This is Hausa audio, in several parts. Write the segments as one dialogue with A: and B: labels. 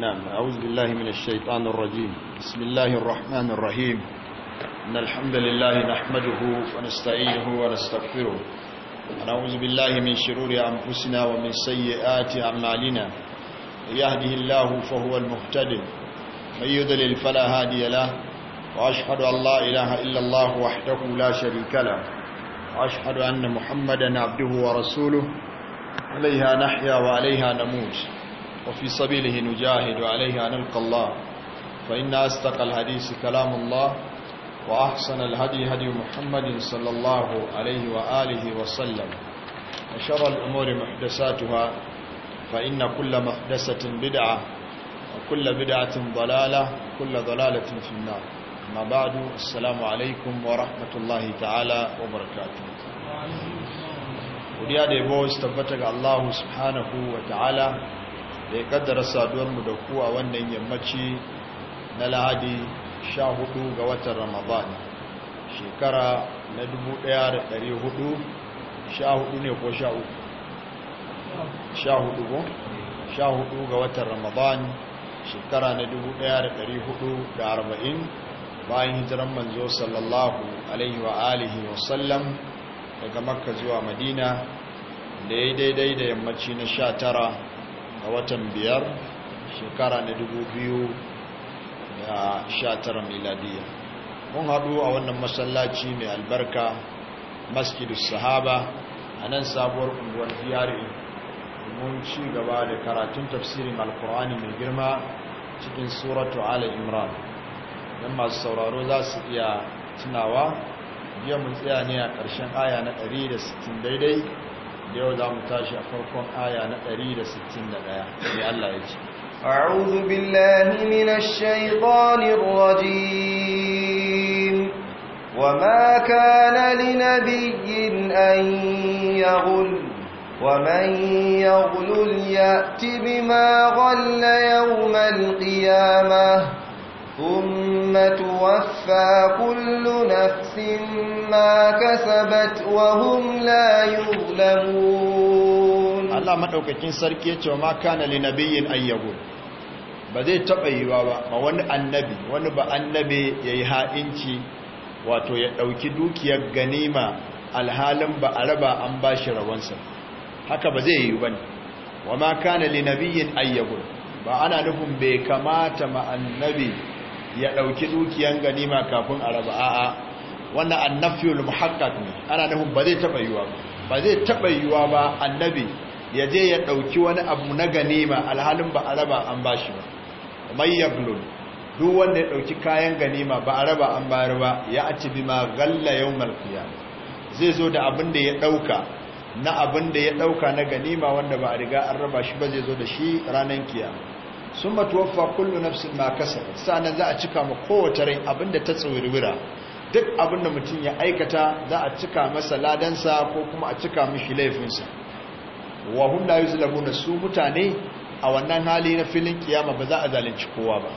A: نعم أعوذ بالله من الشيطان الرجيم بسم الله الرحمن الرحيم إن الحمد لله نحمده ونستعينه ونستغفره ونعوذ بالله من شرور أنفسنا ومن سيئات أعمالنا يهده الله فهو المهتد من يضلل فلا هادي له وأشهد أن لا إله إلا الله وحده لا شريك له وأشهد أن محمدا عبده ورسوله عليها نحيا وعليها نموت وفي سبيله نجاهد عليه أن نلقى الله فإن أصدق الحديث كلام الله وأحسن الهدي هدي محمد صلى الله عليه وآله وسلم وشر الأمور محدثاتها فإن كل محدثة بدعة وكل بدعة ضلالة وكل ضلالة في النار ما بعد السلام عليكم ورحمة الله تعالى وبركاته وديا دي بوز تبتك الله سبحانه وتعالى da ya kaddara saduwarmu da ku a wannan yammaci na lahadi 14 ga watan ramadan shekara na sha hudu ne ko sha 14 ko 14 ga watan ramadan shekara na 1440 bayan hijiran manzo sallallahu alaihi wa alihi wa sallam daga makka zuwa madina da ya daidai da yammaci na 19 a watan biyar shekara na dubu biyu da sha tara miladiya mun haɗu a wannan masallaci mai albarka masjidu sahaba a nan sabuwar unguwar diyari mun ci gaba da karatun tafsirin alkur'ani mai girma cikin suratu ala imran don masu sauraro za su iya tunawa biyan mun tsaya ne a ƙarshen aya na 160 daidai yau za mu tashi a farkon aya na 161 mai
B: Allah ya ce a'udhu billahi minash shaitanir rajim wama kana linabiyyin an yaghul ومن يغلل يأت بما غل يوم القيامة ثم توفى كل نفس ما كسبت وهم
A: لا يظلمون الله مدوكاكين سركي yace ma kana li nabiyyin ayyabun ba zai taba yiwa ba ba wani annabi wani ba annabi yayi ha'inci wato ya dauki dukiyar ganima alhalin ba a raba an bashi rawansa haka ba zai yi bane wa ma kana li nabiyyin ayyabun ba ana nufin bai kamata ma annabi ya dauki dukiyar ganima kafin a raba a'a wannan annafiyul muhaqqaq ne ana nufin ba zai taba yiwa ba zai taba yiwa ba annabi ya je ya dauki wani abu na ganima alhalin ba a raba an bashi ba mai duk wanda ya dauki kayan ganima ba a raba an bayar ba ya aci bima galla yawmal qiyam zai zo da abin da ya dauka na abin da ya dauka na ganima wanda ba a riga an raba shi ba zai zo da shi ranan kiyama summa tuwaffa kullu nafsin ma kasabat sa'anan za a cika ma kowace rai abinda ta tsawirwira duk abin da mutum ya aikata za a cika masa ladansa ko kuma a cika mishi laifinsa wa hum la su mutane a wannan hali na filin kiyama ba za a zalunci kowa ba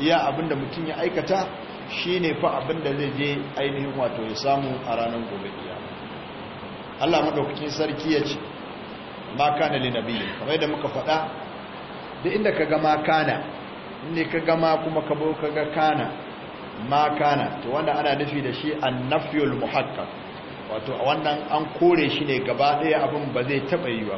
A: iya abin da mutum ya aikata shi ne fa abin da zai je ainihin wato ya samu a ranar gobe kiyama Allah maɗaukakin sarki ya ce ma kana li kamar da muka faɗa duk inda ka ga ma kana inda ka gama kuma ka bo ka ga kana ma kana to wannan ana nufi da shi annafiyul muhaqqaq wato wannan an kore shi ne gaba daya abin ba zai taba yi ba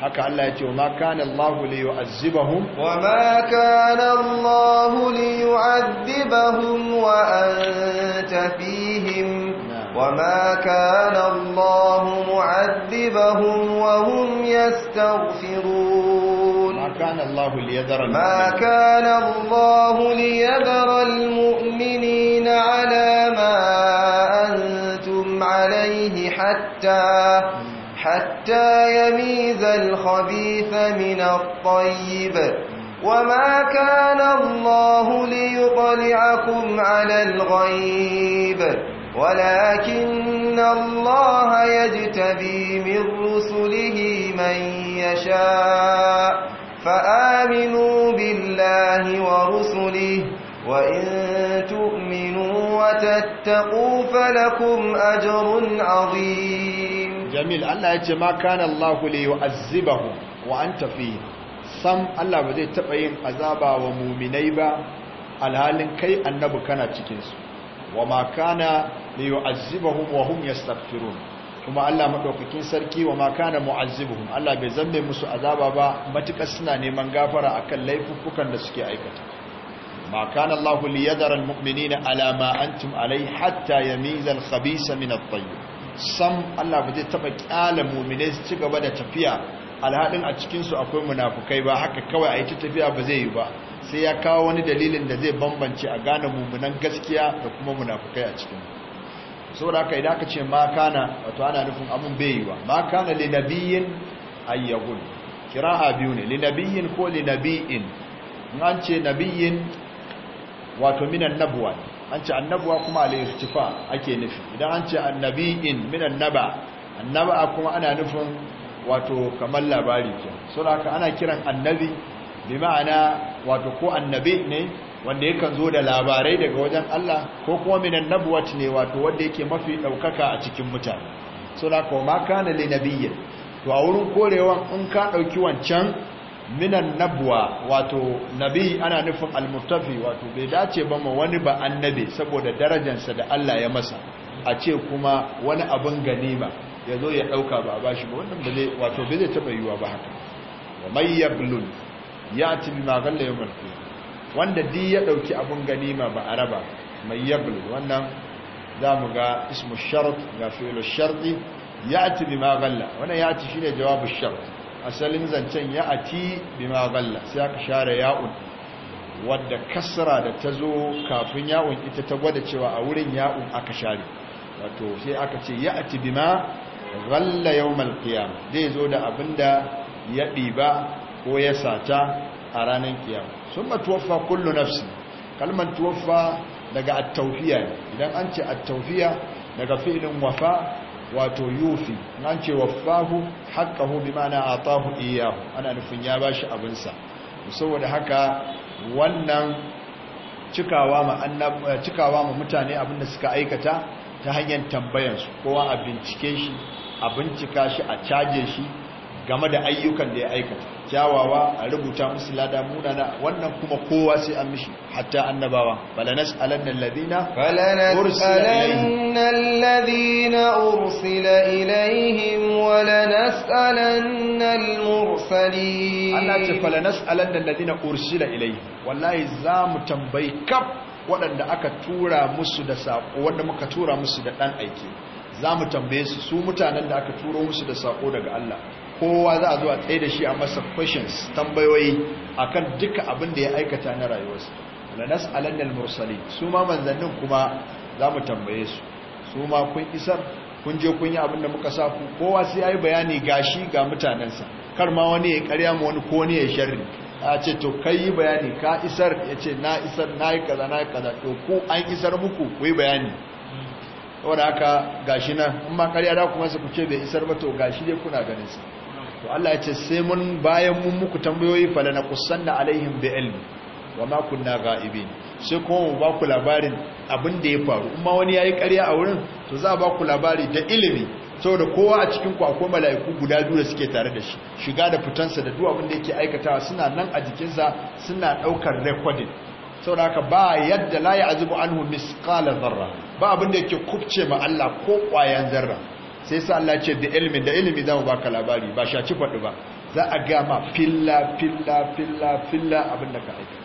A: haka Allah ya ce ma kana Allah li
B: yu'azzibahum wa ma kana Allah li yu'azzibahum wa anta fihim wa ma kana Allah mu'azzibahum wa hum yastaghfirun كان الله
A: ليذر ما
B: كان الله ليذر المؤمنين على ما أنتم عليه حتى حتى يميز الخبيث من الطيب وما كان الله ليطلعكم على الغيب ولكن الله يجتبي من رسله من يشاء فآمنوا بالله ورسله وإن تؤمنوا وتتقوا فلكم أجر عظيم جميل الله يجي ما كان الله ليعذبهم وأنت فيه sam
A: Allah ba zai taɓa yin azaba wa muminai ba alhalin kai annabi kana cikinsu wa makana wa kuma Allah madaukakin sarki wa ma kana mu'azzibuhum Allah bai zambe musu azaba ba matukar suna neman gafara akan laifukan da suke aikata ma kana Allah liyadara almu'minina ala ma antum alai hatta yamiza alkhabisa min at-tayyib sam Allah ba zai taba kyala mu'mine su ci gaba da tafiya alhadin a cikinsu akwai munafukai ba haka kawai ayi ta tafiya ba zai yi ba sai ya kawo wani dalilin da zai bambance a gane mu'minan gaskiya da kuma munafukai a cikin saboda haka idan aka ce ma kana wato ana nufin abun baiwa ma kana li nabiyyin ayyahun kira'a biyu ne li nabiyyin ko li nabiyyin an ce nabiyyin wato minan nabuwa an ce annabuwa kuma al-irtifa ake nufi idan an ce annabiyyin minan naba annaba kuma ana nufin wato kamar labari ke saboda haka ana kiran annabi bi ma'ana wato ko annabi ne wanda yakan zo da labarai daga wajen Allah ko kuma minan nabuwat ne wato wanda yake mafi daukaka a cikin mutane suna ko kuma kana li nabiyyin to a wurin korewan in ka dauki wancan minan nabuwa wato nabi ana nufin almuttafi wato bai dace ba ma wani ba annabi saboda darajarsa da Allah ya masa a ce kuma wani abin ganima ya zo ya dauka ba a bashi ba wannan ba zai wato bai zai taba yiwa ba haka wa mayyablu ya'ti bima ghalla yawmal qiyamah wanda di ya ɗauki abun ganima ba a raba mai yablu wannan za mu ga ismu shart ga filo sharti ya ati bi ma galla wani ya ati shi ne jawabin shart asalin zancen ya ati bi ma galla sai aka share ya'un wadda kasara da ta zo kafin ya'un ita ta gwada cewa a wurin ya'un aka share wato sai aka ce ya ati bi ma galla yau zai zo da abin da ya ɗiba ko ya sata a ranar kiyar sun ma tuwaffa kullu nafsi kalmar tuwaffa daga attaufiya ne idan an ce attaufiya daga filin wafa wato yufi an ce wafahu haqqahu a atahu iyahu ana nufin ya ba shi abinsa saboda haka wannan cikawa ma cikawa ma mutane abinda suka aikata ta hanyar tambayansu kowa a bincike shi a bincika shi a caje shi game da ayyukan da ya aikata kyawawa a rubuta musu lada munana wannan kuma kowa sai an mishi hatta annabawa balanas alannal ladina
B: balanas ladina ursila ilaihim walanas alannal mursali Allah ce balanas
A: alannal ladina ursila ilaihim wallahi za mu tambayi kaf waɗanda aka tura musu da sako wanda muka tura musu da dan aiki za mu tambaye su su mutanen da aka turo musu da sako daga Allah kowa za a zo a tsaye da shi a masa questions tambayoyi akan duka abin da ya aikata na rayuwarsa lanas alannal mursali su ma manzannin kuma za mu tambaye su su ma kun isar kun je kun yi abin da muka safu. kowa sai ya yi bayani gashi ga mutanensa kar ma wani ya karya ma wani ko ne ya sharri a ce to kai yi bayani ka isar ya ce na isar na yi kaza na yi kaza to ku an isar muku ku yi bayani wadda haka gashi nan in ma karya da kuma su ku ce bai isar ba to gashi dai kuna ganin sa to Allah ya ce sai mun bayan mun muku tambayoyi fa na kusanna alaihim bi ilmi wa ma kunna ghaibin sai kuma mu ba ku labarin abin da ya faru kuma wani yayi ƙarya a wurin to za a ba ku labari da ilimi saboda kowa a cikin ku akwai mala'iku guda biyu da suke tare da shi shiga da fitansa da duk abin da yake aikatawa suna nan a jikinsa suna ɗaukar recording saboda haka ba yadda la ya azubu anhu misqala dharra ba abin da yake kubce ma Allah ko ƙwayan zarra sai sa Allah ce da ilimin da ilmi za mu ka labari ba shaci faɗi ba za a gama filla filla filla filla abin da ka aika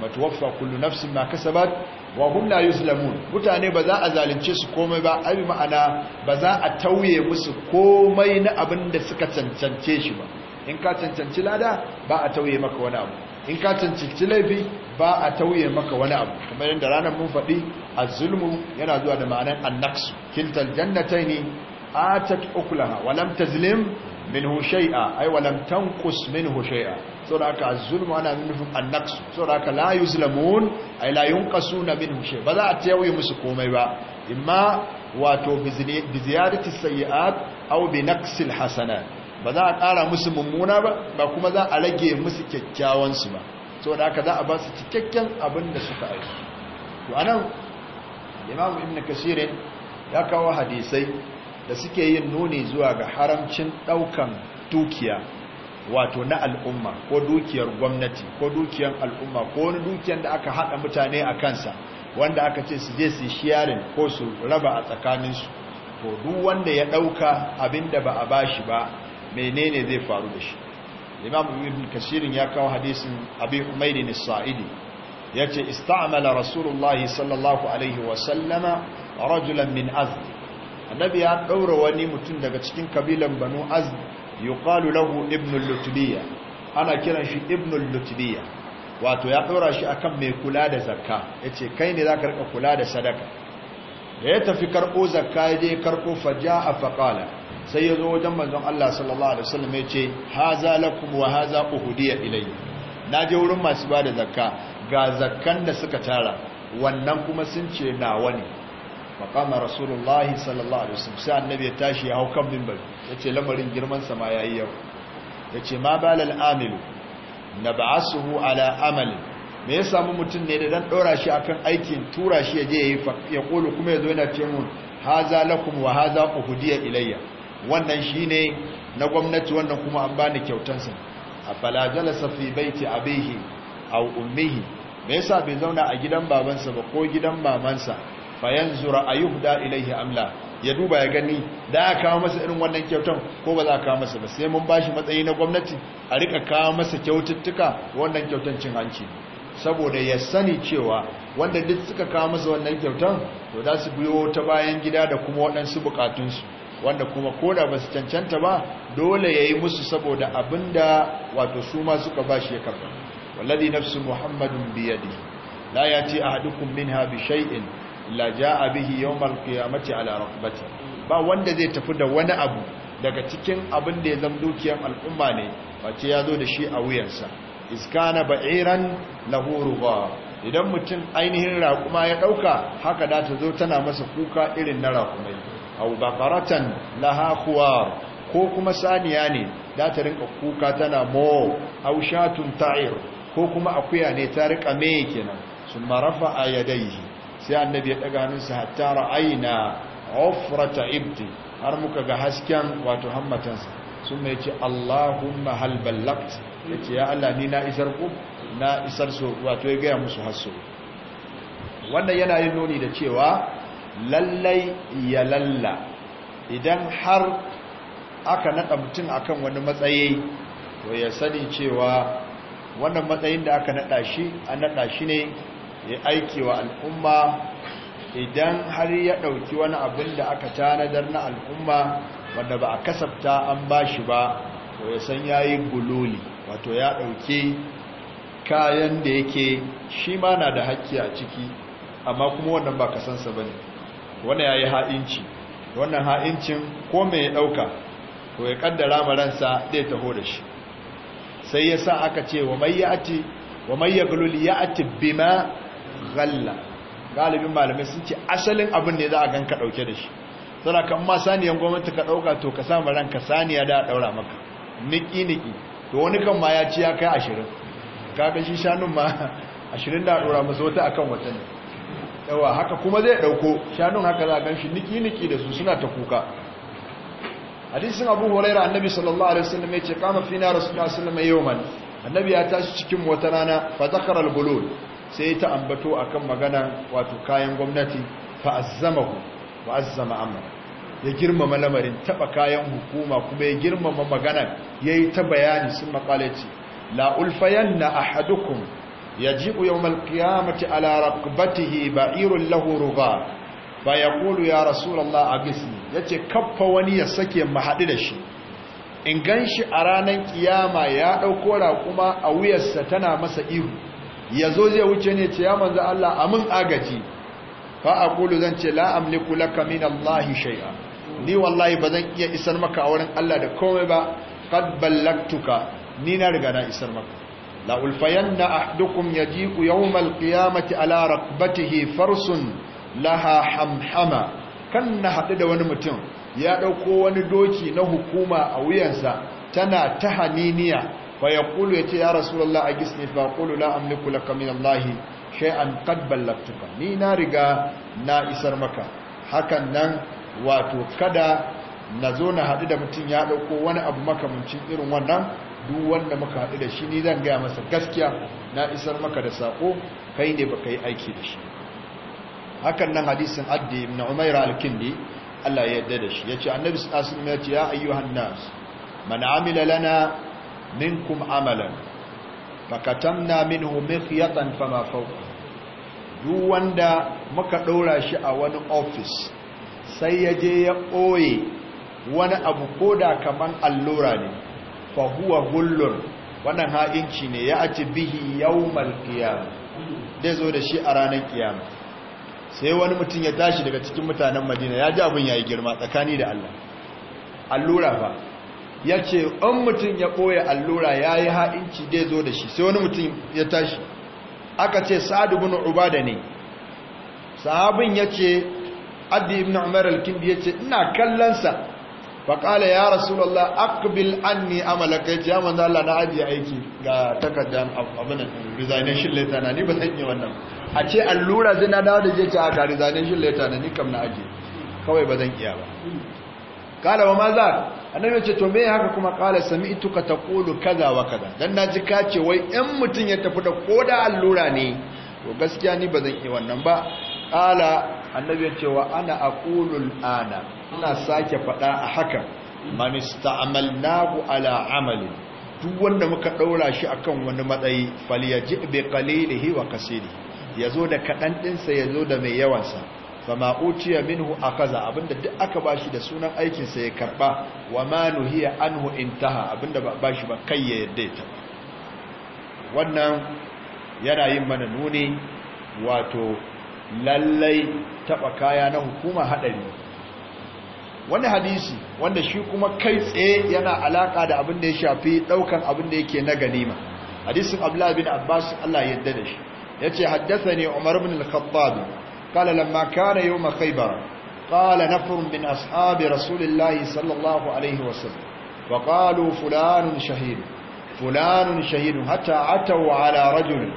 A: matuwaffa kullu nafsin ma kasabat wa hum yi sulamun mutane ba za a zalunce su komai ba yi ma'ana ba za a tauye musu komai na abin da suka cancance shi ba in ka cancanci lada ba a tauye maka wani abu in ka cancanci laifi ba a tauye maka wani abu kamar yadda ranar mun faɗi a zulmu yana zuwa da ma'anar annaksu naqs jannatai ne. atat ukulaha walam tazlim minhu shay'a ay walam tanqus minhu shay'a saboda da az-zulmu ana nufin annaks saboda ka la yuzlamun ay la yunqasuna minhu shay'a ba za a tayawi musu komai ba imma wato bi ziyadati sayiat aw bi naqsil hasanat ba za a ƙara musu mummuna ba ba kuma za a rage musu kyakkyawan su ba saboda haka za a ba su cikakken abin da suka aiki to anan imamu ibn kasir ya kawo hadisai da suke yin nuni zuwa ga haramcin ɗaukan dukiya wato na al'umma ko dukiyar gwamnati ko dukiyar al'umma ko wani dukiyar da aka haɗa mutane a kansa wanda aka ce su je su shiyarin ko su raba a tsakaninsu to duk wanda ya ɗauka abinda ba a bashi ba menene zai faru da shi imam ibn kashirin ya kawo hadisin abi umairin sa'idi ya ce Ista'amala rasulullahi sallallahu alaihi wasallama rajulan min azmi annabi ya ɗaura wani mutum daga cikin kabilan banu azd yuqalu lahu ibn lutbiya ana kiran shi ibn lutbiya wato ya ɗaura shi a kan mai kula da zakka yace kai ne zaka rika kula da sadaka da ya tafi karɓo zakka ya je karɓo a faqala sai ya zo wajen manzon Allah sallallahu alaihi wasallam yace haza lakum wa haza uhudiya ilayya naje wurin masu bada zakka ga zakkan da suka tara wannan kuma sun ce nawa ne makama rasulullahi sallallahu alaihi wasallam sai annabi ya tashi ya hau kan minbar yace lamarin girman sa ma yayi yau yace ma balal amilu nab'asuhu ala amali me ya samu mutun ne da dan dora shi akan aikin tura shi yaje yayi ya kulu kuma yazo yana ce mun haza lakum wa haza uhdiya ilayya wannan shine na gwamnati wannan kuma an bani kyautansa afala jalasa fi baiti abihi aw ummihi me yasa bai zauna a gidan babansa ba ko gidan mamansa Fayan zura yi huda ilaihi amla ya duba ya gani da a kawo masa irin wannan kyautan ko ba za a kawo masa ba sai mun bashi matsayi na gwamnati a rika kawo masa kyaututtuka wannan kyautan cin hanci saboda ya sani cewa wanda duk suka kawo masa wannan kyautan to za su biyo ta bayan gida da kuma waɗansu bukatunsu wanda kuma ko ba su cancanta ba dole ya yi musu saboda abinda wato su ma suka ba shi ya karɓa wallazi nafsu muhammadun biyadi la yati ahadukum minha bi shay'in la jaa bihi yawmal qiyamati ala rukbati ba wanda zai tafi da wani abu daga cikin abin da ya zama dukiyar al'umma ne face ya zo da shi a wuyansa iskana ba'iran lahu ba idan mutum ainihin raƙuma ya ɗauka haka da ta zo tana masa kuka irin na raƙumai au ba laha lahakuwa, ko kuma saniya ne da ta rinka kuka tana mo au shatun ta'ir ko kuma akuya ne ta rika me kenan sun marafa a yadaihi sai annabi ya daga hannunsa hatta ra'ayna ufrata ibti har muka ga hasken wato hammatansa sun mai ce Allahumma hal Ya yace ya Allah ni na isar ku na isar su. wato ya gaya musu hasso wannan yana yin nuni da cewa lallai ya lalla idan har aka naɗa mutum akan wani matsayi to ya sani cewa wannan matsayin da aka naɗa shi an naɗa shi ne ya aiki wa al'umma idan har ya ɗauki wani abin da aka tanadar na al'umma wanda ba a kasafta an ba shi ba to ya san ya yi gululi wato ya ɗauki kayan da yake shi ma na da haƙƙi a ciki amma kuma wannan ba kasansa ba ne wannan ya yi ha'inci wannan ha'incin ko mai ya ɗauka to ya ƙaddara maransa ɗaya taho da shi sai ya sa aka ce wa mai gululi ya ati bima ghalla galibin malamai sun ce asalin abin ne za a ganka dauke da shi sana kan ma saniyan gwamnati ka dauka to ka samu ranka saniya da daura maka niki niki to wani kan ma ya ci ya kai 20 kaga shi shanun ma 20 da daura masa wata akan wata ne yawa haka kuma zai dauko shanun haka za gan shi niki niki da su suna ta kuka hadisin abu huraira annabi sallallahu alaihi wasallam ce kama fina rasulullahi sallallahu alaihi wasallam man annabi ya tashi cikin wata rana fa zakara al-bulul sai ta ambato akan magana wato kayan gwamnati fa azzamahu wa azzama amra ya girmama lamarin taba kayan hukuma kuma ya girmama magana yayi ta bayani sun makalaci la ulfayanna ahadukum yajibu yawmal qiyamati ala raqbatihi ba'irun lahu ruba ba yaqulu ya rasulullah abisni yace kaffa wani ya sake mahadi da shi in ganshi a ranar kiyama ya dauko raƙuma a wuyarsa tana masa ihu yazo zai wuce ne ce ya manzo Allah amin agaji fa aqulu zan ce la amliku laka min Allah shay'a ni wallahi bazan iya isar maka a wurin Allah da komai ba qad ballagtuka ni na riga na isar maka la ulfayanna ahdukum yajiku yawm alqiyamati ala raqbatihi farsun laha hamhama kan na hadu da wani mutum ya dauko wani doki na hukuma a wuyansa tana tahaniniya Kulu ya ce ya rasulullah a fa qulu la amliku laka min allah shay'an kadbal ballagtuka ni na riga na isar maka hakan nan wato kada na zo na haɗu da mutum ya ɗauko wani abu makamuncin irin wannan duk wanda muka haɗu da shi ni zan gaya masa gaskiya na isar maka da saƙo kai ne baka yi aiki da shi hakan nan hadisin addi na umaira alkindi Allah ya yarda da shi ya ce annabi sallallahu alaihi ya ce ya ayyuhan nas man amila lana minkum amalan fakatamna minhu mikhyatan fama fawqa duk wanda muka ɗora shi a wani ofis sai ya je ya ɓoye wani abu ko da kaman allura ne fa huwa gullun wannan ha'inci ne ya ci bihi yawmal qiyam dai zo da shi a ranar ƙiyama. sai wani mutum ya tashi daga cikin mutanen Madina ya ji abin yayi girma tsakani da Allah allura ba ya ce an mutum ya ɓoye allura ya yi ha'inci dai zo da shi sai wani mutum ya tashi aka ce sa'adu bin ubada ne sahabin ya ce adi ibn umar al-kindi ya ce ina kallonsa faƙala ya rasulallah akbil anni amalaka ya ce ya manzo Allah na ajiye aiki ga takardar abinan resignation letter na ni ba san yi wannan a ce allura zina dawo da je ta ga resignation letter na ni kam na ajiye kawai ba zan iya ba kala wa maza annabi ce to me haka kuma kala sami'tu ka taqulu kaza wa kaza dan naji ka ce wai in mutun ya tafi da koda allura ne to gaskiya ni bazan yi wannan ba kala annabi ce wa ana aqulu ana ina sake fada a haka man ista'malnahu ala amali duk wanda muka daura shi akan wani matsayi faliyaji bi qalilihi wa kasiri yazo da kadan dinsa yazo da mai yawansa fa ma utiya minhu akaza abinda duk aka bashi da sunan aikin sa ya karba wa ma nuhiya anhu intaha abinda ba bashi ba kai ya yadda ta wannan yana yin mana nuni wato lallai taba kaya na hukuma hadari wani hadisi wanda shi kuma kai tsaye yana alaka da abin da ya shafi daukan abin da yake na ganima hadisin Abdullahi bin abbas Allah ya yarda da shi yace haddathani umar ibn al-khattab قال لما كان يوم خيبر قال نفر من أصحاب رسول الله صلى الله عليه وسلم وقالوا فلان شهيد فلان شهيد حتى عتوا على رجل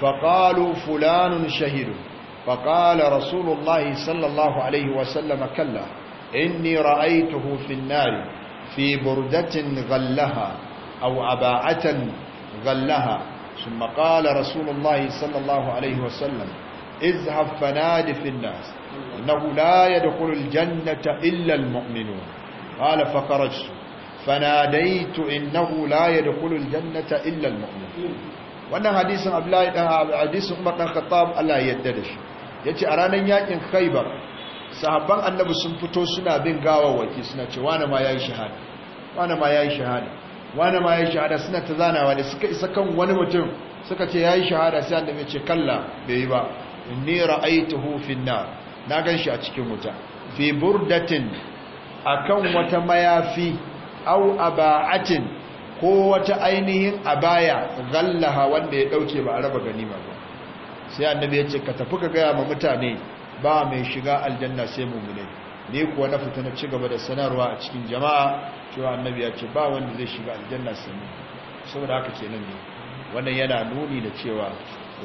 A: فقالوا فلان شهيد فقال رسول الله صلى الله عليه وسلم كلا إني رأيته في النار في بردة غلها أو أباعة غلها ثم قال رسول الله صلى الله عليه وسلم izhab fanadi fil nas innahu la yadkhulu al jannata illa al mu'minun qala fa kharajtu fanadaitu innahu la yadkhulu al jannata illa al mu'minun wannan hadisin abdullahi dan hadisin umar dan khattab Allah yadda da shi yace a ranan yakin khaybar sahabban annabi sun fito suna bin gawawaki suna ce wane ma ya yi shahada wane ma ya yi shahada wane ma ya yi shahada suna ta zanawa da suka isa kan wani mutum suka ce ya yi shahada sai annabi ce kalla bai yi ba inni ra'aituhu fin nar na ganshi a cikin wuta fi burdatin akan wata mayafi aw aba'atin ko wata ainihin abaya gallaha wanda ya dauke ba a raba ganima ba sai annabi ya ce ka tafi ka gaya ma mutane ba mai shiga aljanna sai mu'mini ne kuwa na fita na cigaba da sanarwa a cikin jama'a cewa annabi ya ce ba wanda zai shiga aljanna sai saboda haka kenan ne wannan yana nuni da cewa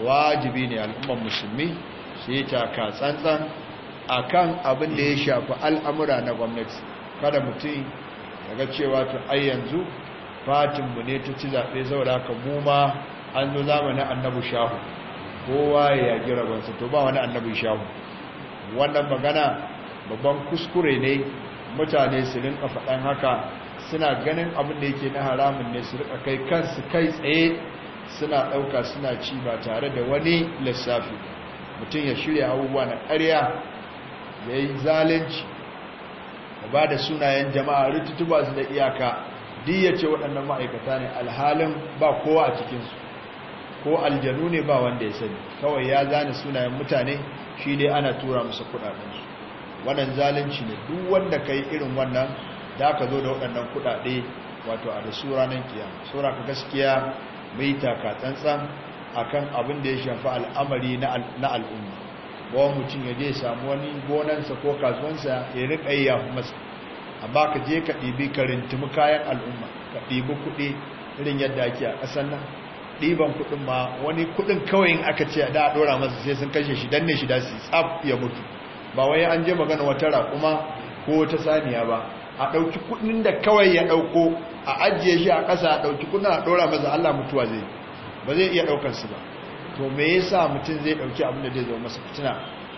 A: wajibi ne al'umman musulmi su yi taka tsantsan a kan abin da ya shafi al'amura na gwamnati kada mutum daga cewa to ayyanzu yanzu fatinmu ne ta ci zaɓe zaura ka muma an zo zamanin annabu shahu kowa ya ji rabansa to ba wani annabu shahu wannan magana babban kuskure ne mutane su rinka faɗan haka suna ganin abin da yake na haramun ne su rika kai kansu kai tsaye suna ɗauka suna ci ba tare da wani lissafi mutum ya shirya abubuwa na ƙarya ya yi zalunci da ba da sunayen jama'a ba su da iyaka diya ce waɗannan ma'aikata ne alhalin ba kowa a cikinsu ko aljanu ne ba wanda ya sani kawai ya zane sunayen mutane shi dai ana tura musu kuɗaɗensu wannan zalunci ne duk wanda ka yi irin wannan da aka zo da waɗannan kuɗaɗe wato a da sura nan kiyama sura ka gaskiya mai taka a kan abin da ya shafi al'amari na al'umma ba mutum ya je samu wani gonansa ko kasuwansa ya riƙa yi ya masa amma ka je ka ɗibi karintumi kayan al'umma ka ɗibi kuɗi irin yadda ake a ƙasar nan ɗiban kuɗin ma wani kuɗin kawai in aka ce da a ɗora masa sai sun kashe shi danne shi da su tsaf ya mutu ba wai an je magana wata raƙuma ko ta saniya ba a ɗauki kudin da kawai ya ɗauko a ajiye shi a ƙasa a ɗauki kudin a ɗora maza Allah mutuwa zai ba zai iya ɗaukar ba to me yasa mutum zai ɗauki abin da zai zama masa fitina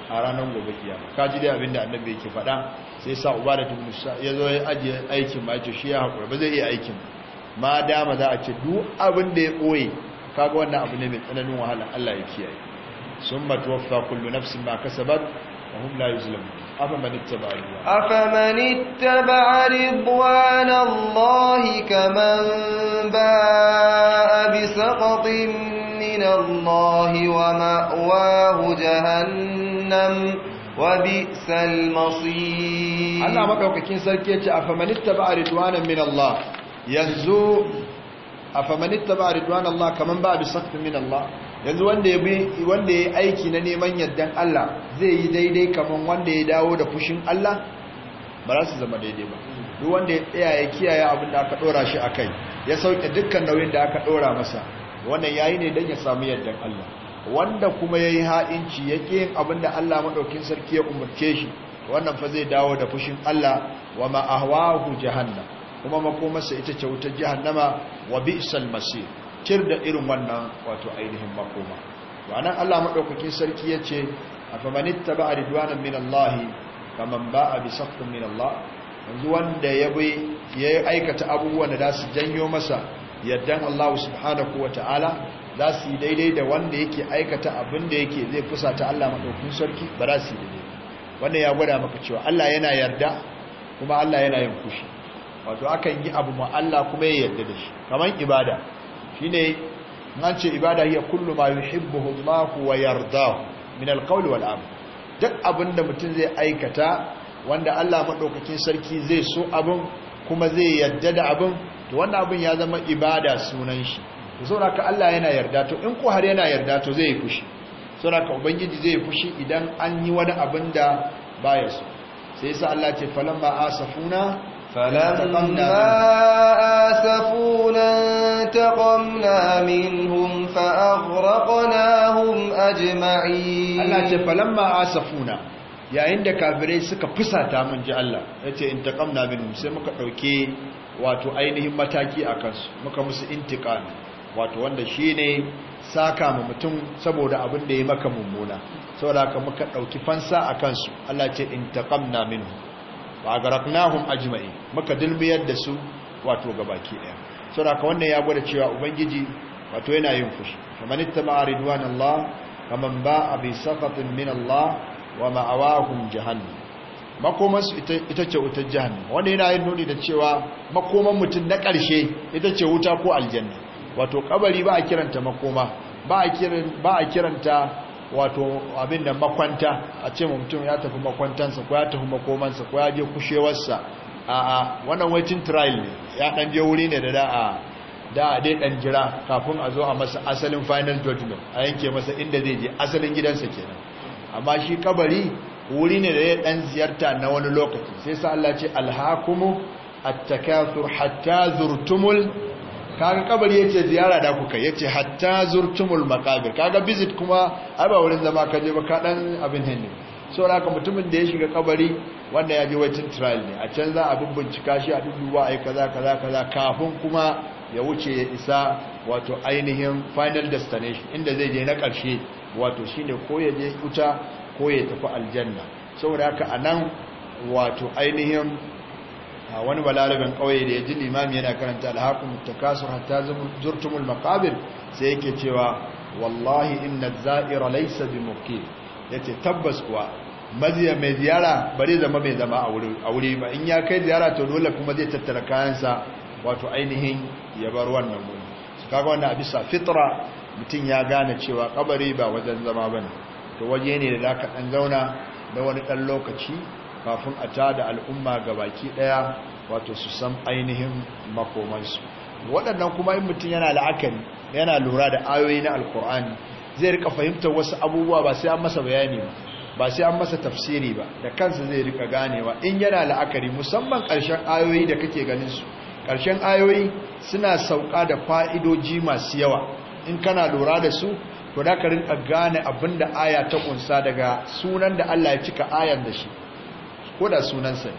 A: a ranar gobe kiya ka ji dai abin da annabi yake faɗa sai sa uba da tumusa ya zo ya ajiye aikin ma ce shi ya haƙura ba zai iya aikin ma dama za a ce duk abin da ya ɓoye kaga wannan abu ne mai tsananin wahala Allah ya kiyaye sun matuwafa kullu nafsin ma kasabat وهم لا يظلمون أفمن اتبع رضوان
B: أفمن اتبع رضوان الله كمن باء بسقط من الله ومأواه جهنم وبئس المصير الله مدوكاكين سركي يتي أفمن اتبع رضوانا من
A: الله يزو أفمن اتبع رضوان الله كمن باء بسقط من الله yanzu wanda ya bi wanda ya aiki na neman yaddan Allah zai yi daidai kaman wanda ya dawo da fushin Allah ba za su zama daidai ba duk wanda ya tsaya ya kiyaye abin da aka dora shi akai ya sauke dukkan nauyin da aka dora masa wannan yayi ne dan ya samu yardan Allah wanda kuma yayi ha'inci ya yin abin da Allah madaukin sarki ya umurce shi wannan fa zai dawo da fushin Allah wa ma ahwahu jahannam kuma makomarsa ita ce wutar jahannama wa bi'sal masir cir da irin wannan wato ainihin makoma wannan Allah madaukakin sarki yace afamanitta ba ridwanan min Allah kaman ba bi sakhfin min Allah yanzu wanda ya bi ya aikata abubuwan da su janyo masa yaddan Allah subhanahu wataala za su yi daidai da wanda yake aikata abin da yake zai fusata Allah madaukakin sarki ba za su yi daidai wannan ya gwada maka cewa Allah yana yarda kuma Allah yana yin kushi wato akan yi abu ma Allah kuma ya yarda da shi kaman ibada shine nan ce ibada hiya kullu ma yuhibbuhu Allah wa yardahu min alqawl wal amal duk abinda mutum zai aikata wanda Allah madaukakin sarki zai so abin kuma zai yarda da abin to wannan abin ya zama ibada sunan shi to saboda Allah yana yarda to in ko har yana yarda to zai fushi saboda ubangiji zai fushi idan an yi wani abin da baya so sai yasa Allah ce falamma asafuna فلما
B: آسفونا انتقمنا منهم فأغرقناهم أجمعين الله ce
A: falamma asafuna yayin da kafirai suka fusata mun ji Allah yace intaqamna minhum sai muka ɗauki wato ainihin mataki a su muka musu intiqami wato wanda shine saka ma mutum saboda abin da ya maka mummuna saboda haka muka ɗauki fansa akan su Allah ce intaqamna minhum wa garaknahum ajma'i muka dulmiyar da su wato gabaki daya saboda wannan ya gwada cewa ubangiji wato yana yin fushi kaman ittaba ridwanallah kaman ba'a bi safatin min Allah wa ma'awahum jahannam makoman su ita ce wutar jahannam wannan yana yin nuni da cewa makoman mutum na ƙarshe ita ce wuta ko aljanna wato kabari ba a kiranta makoma ba a kiranta wato abin da makwanta a ce mutum ya tafi makwantansa ko ya tafi makomansa ko ya je kushewarsa a a wannan waiting trial ne ya dan je wuri ne da da a da a dai dan jira kafin a zo a masa asalin final judgment a yanke masa inda zai je asalin gidansa kenan amma shi kabari wuri ne da ya dan ziyarta na wani lokaci sai sa Allah ce alhakumu at-takathur hatta zurtumul kaga kabari yace ziyara da kuka yace hatta zurtumul maqabir kaga visit kuma ai ba wurin zama kaje ba ka dan abin hanne saboda ka mutumin da ya shiga kabari wanda ya je waiting trial ne a can za a bincika shi a duduwa ai kaza kaza kaza kafin kuma ya wuce ya isa wato ainihin final destination inda zai je na karshe wato shine ko ya je kuta ko ya tafi aljanna saboda haka anan wato ainihin A wani balarabin kauye da ya ji limami yana karanta alhaqum takasur hatta zurtumul makabir sai yake cewa wallahi inna zaira laysa bimuqim yace tabbas kuwa maziya mai ziyara bare zama mai zama a wuri ba in ya kai ziyara to dole kuma zai tattara kayansa wato ainihin ya bar wannan wuri su kaga wannan bisa fitra mutum ya gane cewa kabari ba wajen zama bane to waje ne da zaka dan zauna da wani dan lokaci kafin a tada al'umma ga baki daya wato su san ainihin makomansu waɗannan kuma in mutum yana la'akari yana lura da ayoyi na alkur'ani zai rika fahimtar wasu abubuwa ba sai an masa bayani ba ba sai an masa tafsiri ba da kansa zai rika ganewa in yana la'akari musamman ƙarshen ayoyi da kake ganin su ƙarshen ayoyi suna sauka da fa'idoji masu yawa in kana lura da su to da ka rinka gane abin da aya ta ƙunsa daga sunan da Allah ya cika ayan da shi ko da sunansa ne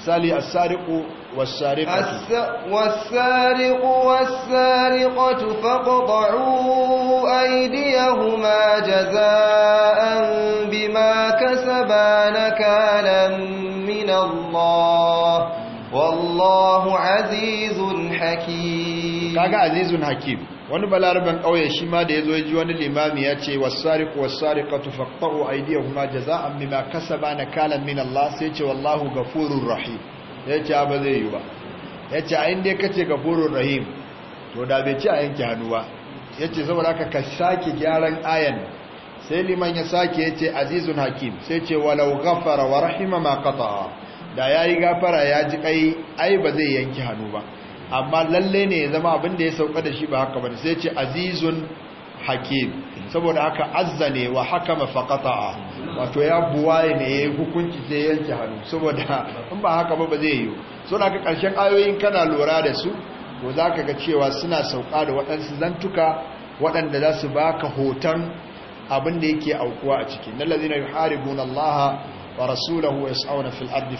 A: misali as-sariqu was-sariqatu
B: was-sariqu was-sariqatu faqta'u aydiyahuma jazaa'an bima kasaba nakalan min Allah wallahu azizun hakim kaga azizun hakim wani balaraban ƙauye shi ma da
A: ya zo ji wani limami ya ce wasariku za a mima kasa ba na kalan min Allah sai ce wallahu gafurun rahim ya ce ba zai yi ba ya ce a inda kace gafurun rahim to da bai ci a yanki hannu ba ya ce saboda haka ka sake gyaran ayan sai liman ya sake ya ce azizun hakim sai ce walau gafara wa rahima ma qata'a da ya yi gafara ya ji kai ai ba zai yanki hannu ba amma lalle ne ya zama abin da ya sauka da shi ba haka bane sai ce azizun hakim saboda haka azza haka wa hakama faqata wato ya buwaye ne yi hukunci sai yanki hannu saboda in ba haka ba ba zai yi suna ka karshen ayoyin kana lura da su ko zaka ga cewa suna sauka da waɗansu zantuka waɗanda za su baka hoton abin da yake aukuwa a ciki na lazina yuharibuna allaha wa rasulahu yas'una fil ardi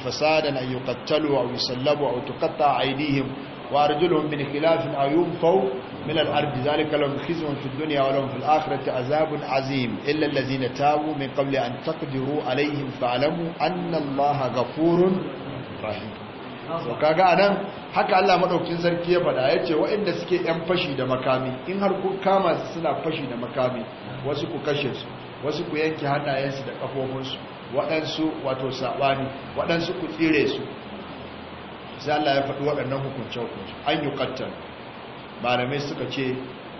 A: وارجلهم من خلاف او ينفوا من الارض ذلك لهم خزي في الدنيا ولهم في الاخره عذاب عظيم الا الذين تابوا من قبل ان تقدروا عليهم فاعلموا ان الله غفور رحيم kaga anan haka Allah madaukakin sarki ya fada yace waɗanda suke yan fashi da makami in har ku kama su suna fashi da makami wasu ku kashe su wasu ku yanke hannayensu da kafofinsu waɗansu wato saɓani waɗansu ku tsire su sai Allah ya faɗi waɗannan hukunce hukunce an yi kattal malamai suka ce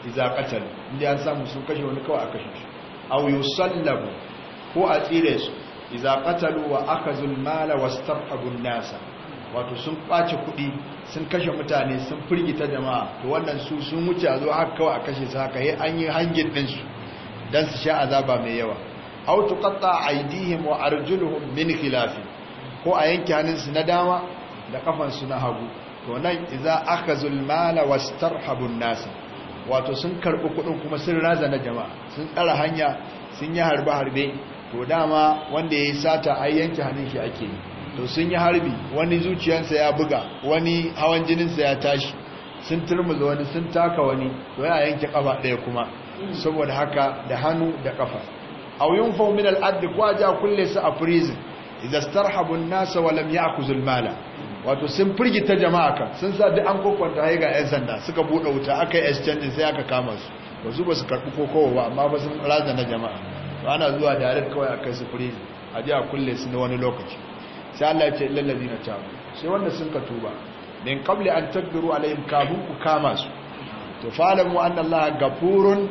A: iza kattal inda ya samu sun kashe wani kawai a kashe shi wuyo sallabu ko a tsire su iza qatalu wa aka al-mala wastabqabu an-nasa wato sun ɓace kuɗi sun kashe mutane sun firgita jama'a to wannan su sun wuce a zo haka kawai a kashe su haka yi an yi hangin ɗinsu su su sha azaba mai yawa aw a idihim wa arjuluhum min khilafi ko a yanke hannunsu na dama da kafansu na hagu to nan aka akhazul mala wastarhabun nasa wato sun karɓi kuɗin kuma sun raza na jama'a sun tsara hanya sun yi harbe harbe to dama wanda yi sata ai yanke hannun shi ake yi to sun yi harbi wani zuciyarsa ya buga wani hawan jininsa ya tashi sun turmuza wani sun taka wani to yana yanke kafa ɗaya kuma saboda haka da hannu da kafa a yunfaw min al-ard kwaja kulle su a prison idza starhabu nasa nas wa lam ya'khudhu wato sun firgita jama'a kan sun sa duk an kokwanta ga 'yan sanda suka buɗe wuta aka yi exchange sai aka kama su ba su ba su karɓi kokowa ba amma ba sun raza na jama'a to ana zuwa direct kawai akai su freeze a ji a kulle su na wani lokaci sai Allah ya ce illal ladina tabu sai wanda sun ka tuba din qabli an tabbiru alaihim kafin ku kama su to fa'lamu anna Allah gafurun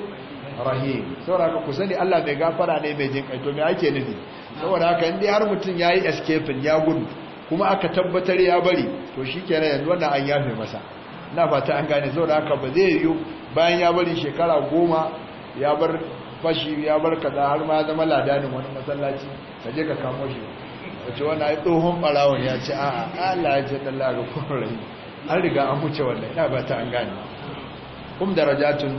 A: rahim saboda ku sani Allah mai gafara ne mai jin kai to me ake nufi saboda haka indai har mutun yayi escaping ya gudu kuma aka tabbatar ya bari to shi kenan yanzu wannan an yafe masa na fata an gane sau da haka ba zai yiwu bayan ya bari shekara goma ya bar fashi ya bar kaza har ma ya zama ladanin wani masallaci ka je ka kamo shi wace wani ai tsohon ɓarawon ya ce a'a Allah ya ce ɗalla ga rai an riga an huce wannan na ba an gane kum darajatun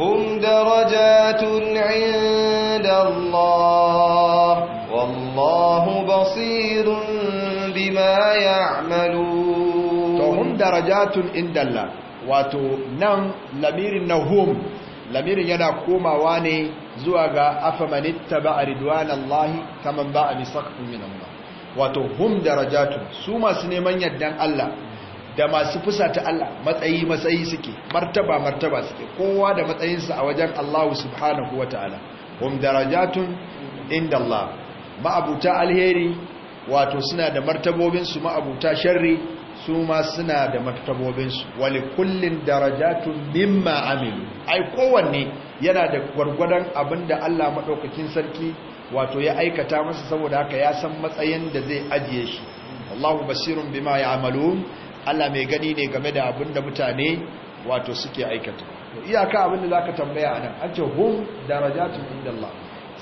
B: هم درجات عند الله والله بصير بما يعملون هم
A: درجات عند الله wato nan lamirin hum, lamirin yana komawa ne zuwa ga afamanitta ba a ridwan Allah kaman ba a misakfin minan wato hum darajatu su masu neman yardan Allah da masu fusata Allah matsayi matsayi suke martaba martaba suke kowa da matsayinsa a wajen Allah subhanahu wa ta'ala hum darajatun inda Allah ma'abuta alheri wato suna da martabobinsu ma'abuta sharri su ma suna da martabobinsu wali kullin darajatun mimma amilu ai kowanne yana da gwargwadon abin da Allah maɗaukakin sarki wato ya aikata masa saboda haka ya san matsayin da zai ajiye shi Allahu basirun bima ya amalu Allah mai gani ne game da abin da mutane wato suke aikata iyaka abin da zaka tambaya anan an ce hum darajatun indallah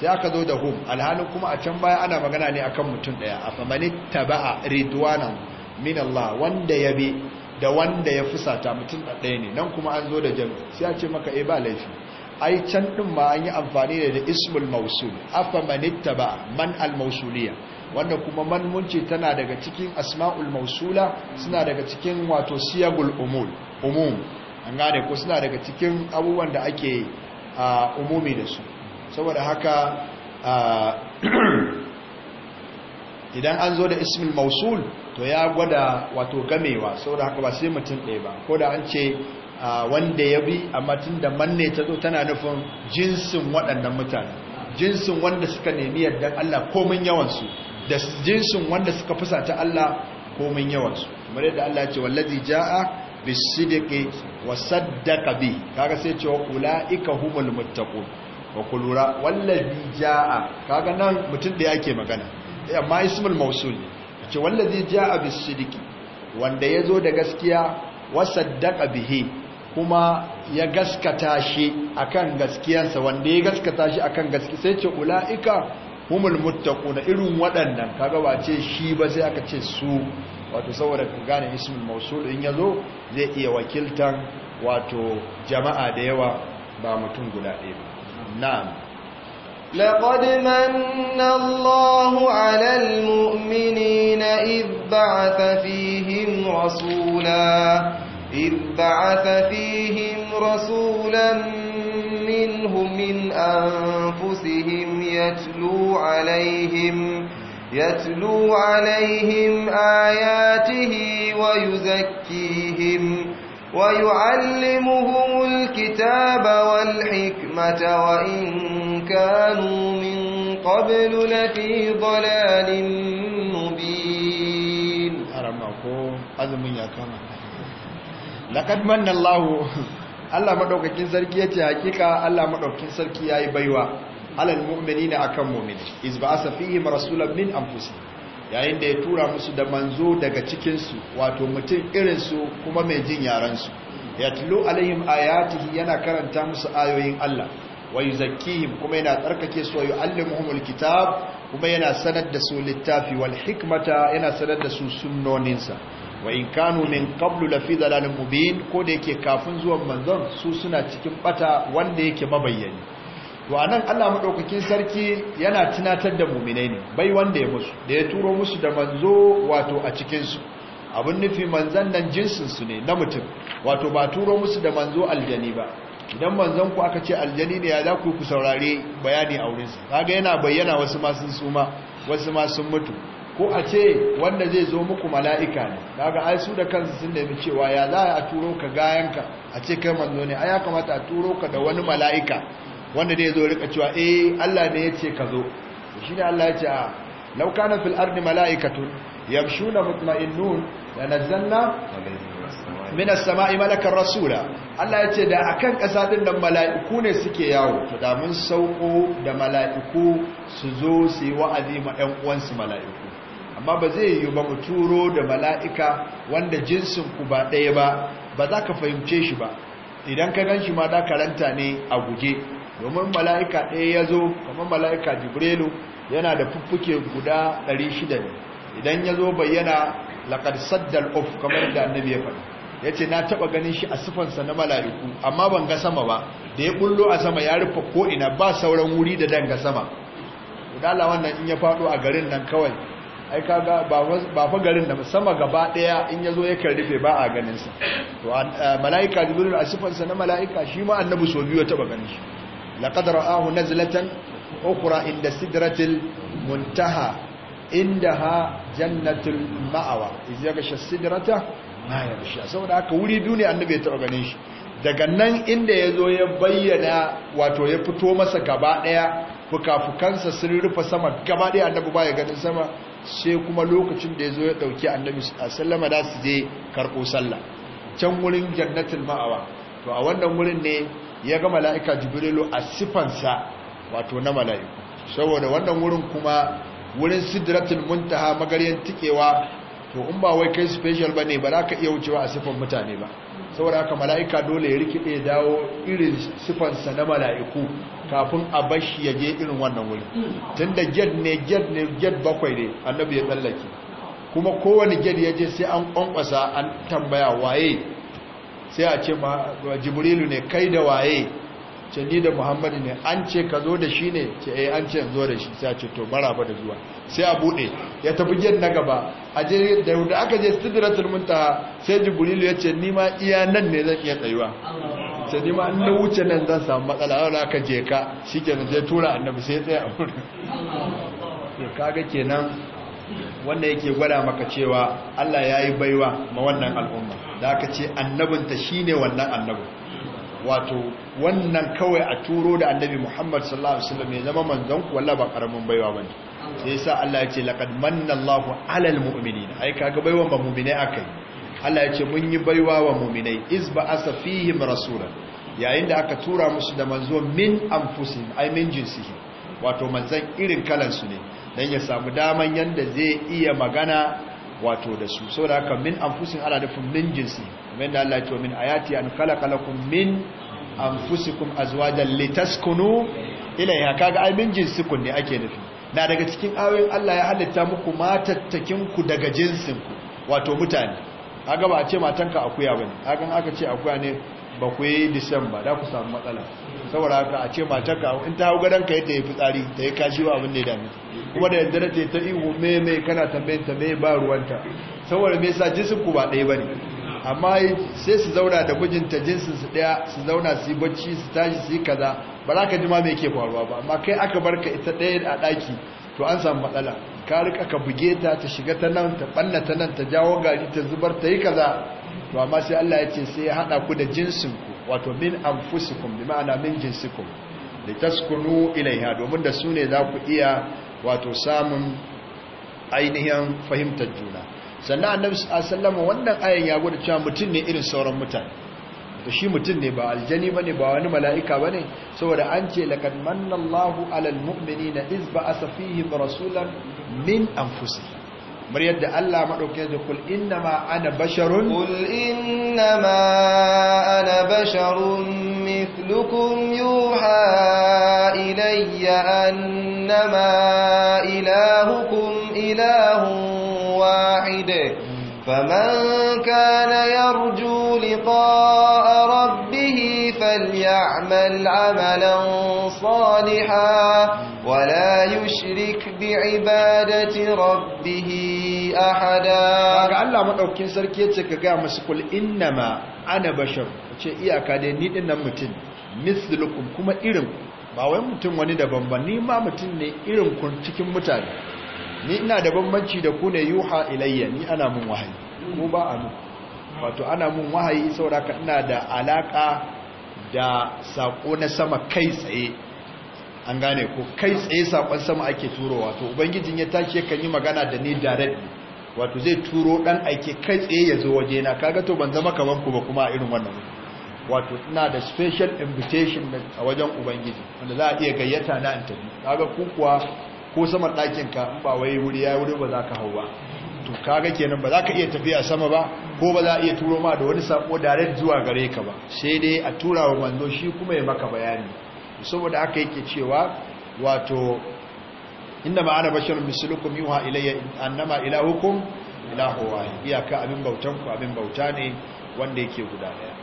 A: sai aka zo da hum alhalin kuma a can baya ana magana ne akan mutum daya a famani taba'a ridwana min Allah wanda bi da wanda ya fusata mutum ɗaya ne nan kuma an zo da jami sai a ce maka e ba laifi ai can ɗin ma an yi amfani da ismul mausul afa man al mausuliya wanda kuma manmunci tana daga cikin asma'ul mausula suna daga cikin wato siyagul umul umum an gane ko suna daga cikin abubuwan da ake umumi da su saboda haka idan an zo da ismin mausul to ya gwada wato gamewa saboda haka ba sai mutum ɗaya ba ko da an ce wanda ya bi amma tun da manne ta zo tana nufin jinsin waɗannan mutane jinsin wanda suka nemi yadda Allah komin yawansu da jinsin wanda suka ta Allah komin yawansu kamar yadda Allah ya ce wallazi jaa bisidqi wa saddaqa bi kaga sai ce ulaika humul muttaqun wa kulura wallazi jaa kaga nan mutum da yake magana eh, amma ismul mausul ce wallazi jaa bisidqi wanda yazo da gaskiya wa saddaqa bihi kuma ya gaskata shi akan gaskiyarsa wanda ya gaskata shi akan gaskiya sai ce ulaika humul na irin waɗannan kaga ba ce shi ba sai aka ce su wato saboda ku gane ismul mausul in yazo zai iya wakiltan wato jama'a da yawa ba mutum guda ɗaya ba na'am
B: لقد من الله على المؤمنين إذ بعث فيهم رسولا إذ بعث فيهم رسولا منهم من أنفسهم يتلو عليهم يتلو عليهم آياته ويزكيهم ويعلمهم الكتاب والحكمة وإن كانوا من قبل لفي ضلال مبين
A: لقد من الله Allah madaukakin sarki yace hakika Allah madaukakin sarki yayi baiwa alal a akan mu'mini iz asa fihim rasulan min amfusi yayin da ya tura musu da manzo daga cikin su wato mutum irin su kuma mai jin yaran su tilo alaihim ayatihi yana karanta musu ayoyin Allah wa yuzakkihim kuma yana tsarkake su wa yuallimuhumul kitab kuma yana sanar da su littafi wal hikmata yana sanar da su sunnoninsa wa in kanu min qablu lafi dalalin mubin ko da yake kafin zuwan manzon su suna cikin bata wanda yake mabayyani to nan Allah maɗaukakin sarki yana tunatar da mu'minai ne bai wanda ya musu da ya turo musu da manzo wato a cikin su abun nufi manzan nan jinsin ne na mutum wato ba turo musu da manzo aljani ba idan manzon ku aka ce aljani ne ya za ku ku saurare bayani a wurin sa kaga yana bayyana wasu ma sun suma wasu ma sun mutu ko a ce wanda zai zo muku mala'ika ne daga ai su da kansu sun nemi cewa ya za a turo ka gayanka a ce kai manzo ne ai ya kamata a turo ka da wani mala'ika wanda dai zo rika cewa eh Allah ne yace ka zo ne Allah yace ah, law kana fil ardi malaikatun yamshuna mutma'innun lanazzalna min as-sama'i malakan rasula Allah yace da akan kasa din nan mala'iku ne suke yawo to da mun sauko da mala'iku su zo su yi wa'azi ma ɗan uwansu mala'iku amma ba zai yi ba mu turo da mala'ika wanda jinsin ku ba ɗaya ba ba za ka fahimce shi ba idan ka ganshi shi ma da karanta ne a guje domin mala'ika ɗaya ya zo kamar mala'ika jibrilu yana da fuffuke guda 600 ne idan ya zo bayyana laƙar saddal of kamar da annabi ya faɗi ya ce na taɓa ganin shi a sifansa na mala'iku amma ban ga sama ba da ya ɓullo a sama ya rufe ko'ina ba sauran wuri da danga sama gudala wannan in ya faɗo a garin nan kawai ai kaga ba fa garin da sama gaba daya in yazo kan rufe ba a ganin sa to eh, mala'ika jibril a sifansa na mala'ika shi ma annabi so biyu ya taba ganin shi لقد رآه نزلة أخرى inda سدرة muntaha عندها جنة ma'awa إذا يغشى السدرة ما يغشى saboda haka wuri أن annabi ya taba ganin shi daga nan inda ya zo ya bayyana wato ya fito masa gaba daya fukafukansa sun rufe sama gaba daya annabi ba ya ganin sama sai kuma lokacin da ya zo ya ɗauki annabi sallama da su je karɓo sallah can wurin jannatin ma'awa to a wannan wurin ne ya ga mala'ika jibrilu a siffansa wato na mala'iku saboda wannan wurin kuma wurin sidratin muntaha magaryan tikewa to in ba wai kai special ba ne ba za ka iya wucewa a siffan mutane ba saboda haka mala'ika dole ya rikide dawo irin siffansa na mala'iku kafin a bashi ya je irin wannan wuri tun da ne ged ne ged bakwai ne annabi ya tsallake kuma kowane ged ya je sai an kwankwasa an tambaya waye sai a ce jibrilu ne kai da waye ce ni da muhammadu ne an ce ka zo da shi ne ce ai eh, an ce zo da shi sai a ce to bara da zuwa sai a bude ya tafi gen na gaba a je da aka je sidratul munta sai jibrilu ya ce ni ma iya nan ne zan iya tsayuwa ce ni ma an na wuce nan zan samu matsala wala aka je ka ke zai tura annabi sai ya a wurin kaga kenan wanda yake gwada maka cewa Allah ya yi baiwa ma wannan al'umma da aka ce annabinta shi ne wannan annabu. wato wannan kawai a turo da annabi muhammad sallallahu alaihi wasallam ya zama manzon walla ba karamin baiwa bane sai yasa Allah ya ce laqad manna Allahu alal almu'minin ai ga baiwa ba mu'minai akai Allah ya ce mun yi baiwa wa mu'minai iz ba'asa fihim rasulan yayin da aka tura musu da manzo min anfusin ai min jinsihi wato manzon irin kalan su ne don ya samu daman yadda zai iya magana wato da su sau da haka min amfusin ana fun min jinsi kamar da Allah ya ce min ayati an khalaqalakum min anfusikum azwajan litaskunu ilaiha kaga ai min kun ne ake nufi na daga cikin ayoyin Allah ya halitta muku matattakin ku daga jinsin ku wato mutane kaga ba a ce matanka akuya bane kaga aka ce akuya ne ba ku yi December da ku samu matsala saboda haka a ce matarka in ta hau ka yadda ya fi tsari ta yi kashi wa abin da ya dami kuma da yadda ta ta ihu me kana tambayin ta me ba ruwanta saboda me sa jinsin ku ba ɗaya ba ne amma sai su zauna da mijinta jinsin su ɗaya su zauna su yi bacci su tashi su yi kaza ba za ka ji ma mai ke faruwa ba amma kai aka bar ka ita ɗaya a ɗaki to an samu matsala ka rika ka buge ta ta shiga ta nan ta ɓanna ta nan ta jawo gari ta zubar ta yi kaza to amma sai Allah ya ce sai ya haɗa ku da jinsin wato min amfusikun bi ma'ana min jinsikum ilai ilaiha domin da su ne za ku iya wato samun ainihin fahimtar juna sannan annabi sallama wannan ayan ya gudu cewa mutum ne irin sauran mutane da shi mutum ne ba aljani ba ne ba wani mala'ika ba bane saboda an ce lakan manna Allahu 'alal na izba a safihin rasulan min amfusi. مريد الله مروك قل إنما أنا بشر قل
B: إنما أنا بشر مثلكم يوحى إلي أنما إلهكم إله واحد فمن كان يرجو لقاء ربه فليعمل عملا صالحا ولا يشرك بعبادة ربه أحدا ga Allah madaukin sarki yace ka ga musu kul innama
A: ana bashar ce iyaka dai ni din mutum mislukum kuma irin ba wai mutum wani daban ba ni ma mutum ne irin kun cikin mutane ni ina da bambanci da ku ne yuha ilayya ni ana mun wahayi ko ba a mun wato ana mun wahayi saboda ina da alaka da sako na sama kai tsaye an gane ko kai tsaye sakon sama ake turo wato ubangijin ya tashi kan yi magana da ni directly wato zai turo dan aike kai tsaye ya zo waje na kaga to ban zama kaman ku ba kuma a irin wannan wato ina da special invitation a wajen ubangiji wanda za a iya gayyata na interview kaga ku kuwa ko sama ɗakin ka ba wai wuri ya wuri ba za ka hau ba to kaga kenan ba za ka iya tafiya sama ba ko ba za a iya turo ma da wani sako direct zuwa gare ka ba sai dai a tura wa manzo shi kuma ya maka bayani saboda haka yake cewa wato inna ma ana bashar misalukum yuha ilayya annama ilahukum ilahu wahid iyaka abin bautan ku abin bauta ne wanda yake guda daya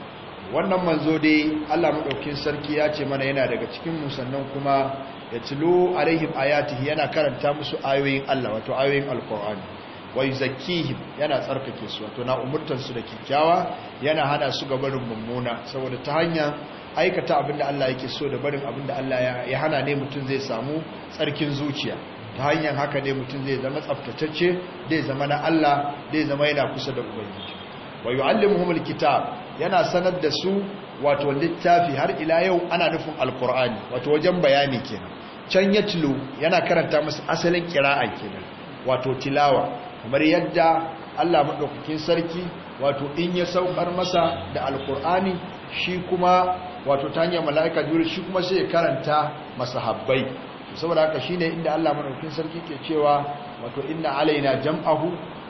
A: wannan manzo dai Allah madaukin sarki ya ce mana yana daga cikin musannan kuma ya tilo alaihim ayatihi yana karanta musu ayoyin Allah wato ayoyin alqur'ani Wai zakihim yana tsarkake su wato na umurtan su da kikkiawa yana hana su ga barin mummuna saboda ta hanya aikata abin da Allah yake so da barin abin da Allah ya hana ne mutum zai samu tsarkin zuciya ta hanyar haka ne mutum zai zama tsaftatacce zai zama na Allah zai zama yana kusa da ubangiji wai yu'allimuhum alkitab yana sanar da su wato littafi har ila yau ana nufin alqur'ani wato wajen bayani kenan can yatlu yana karanta musu asalin qira'a kenan wato tilawa kamar yadda Allah maɗaukakin sarki wato in ya saukar masa da alkur'ani shi kuma wato ta hanyar mala'ika jibril shi kuma sai ya karanta Habbai. saboda haka shine inda Allah maɗaukakin sarki ke cewa wato inna alaina jam'ahu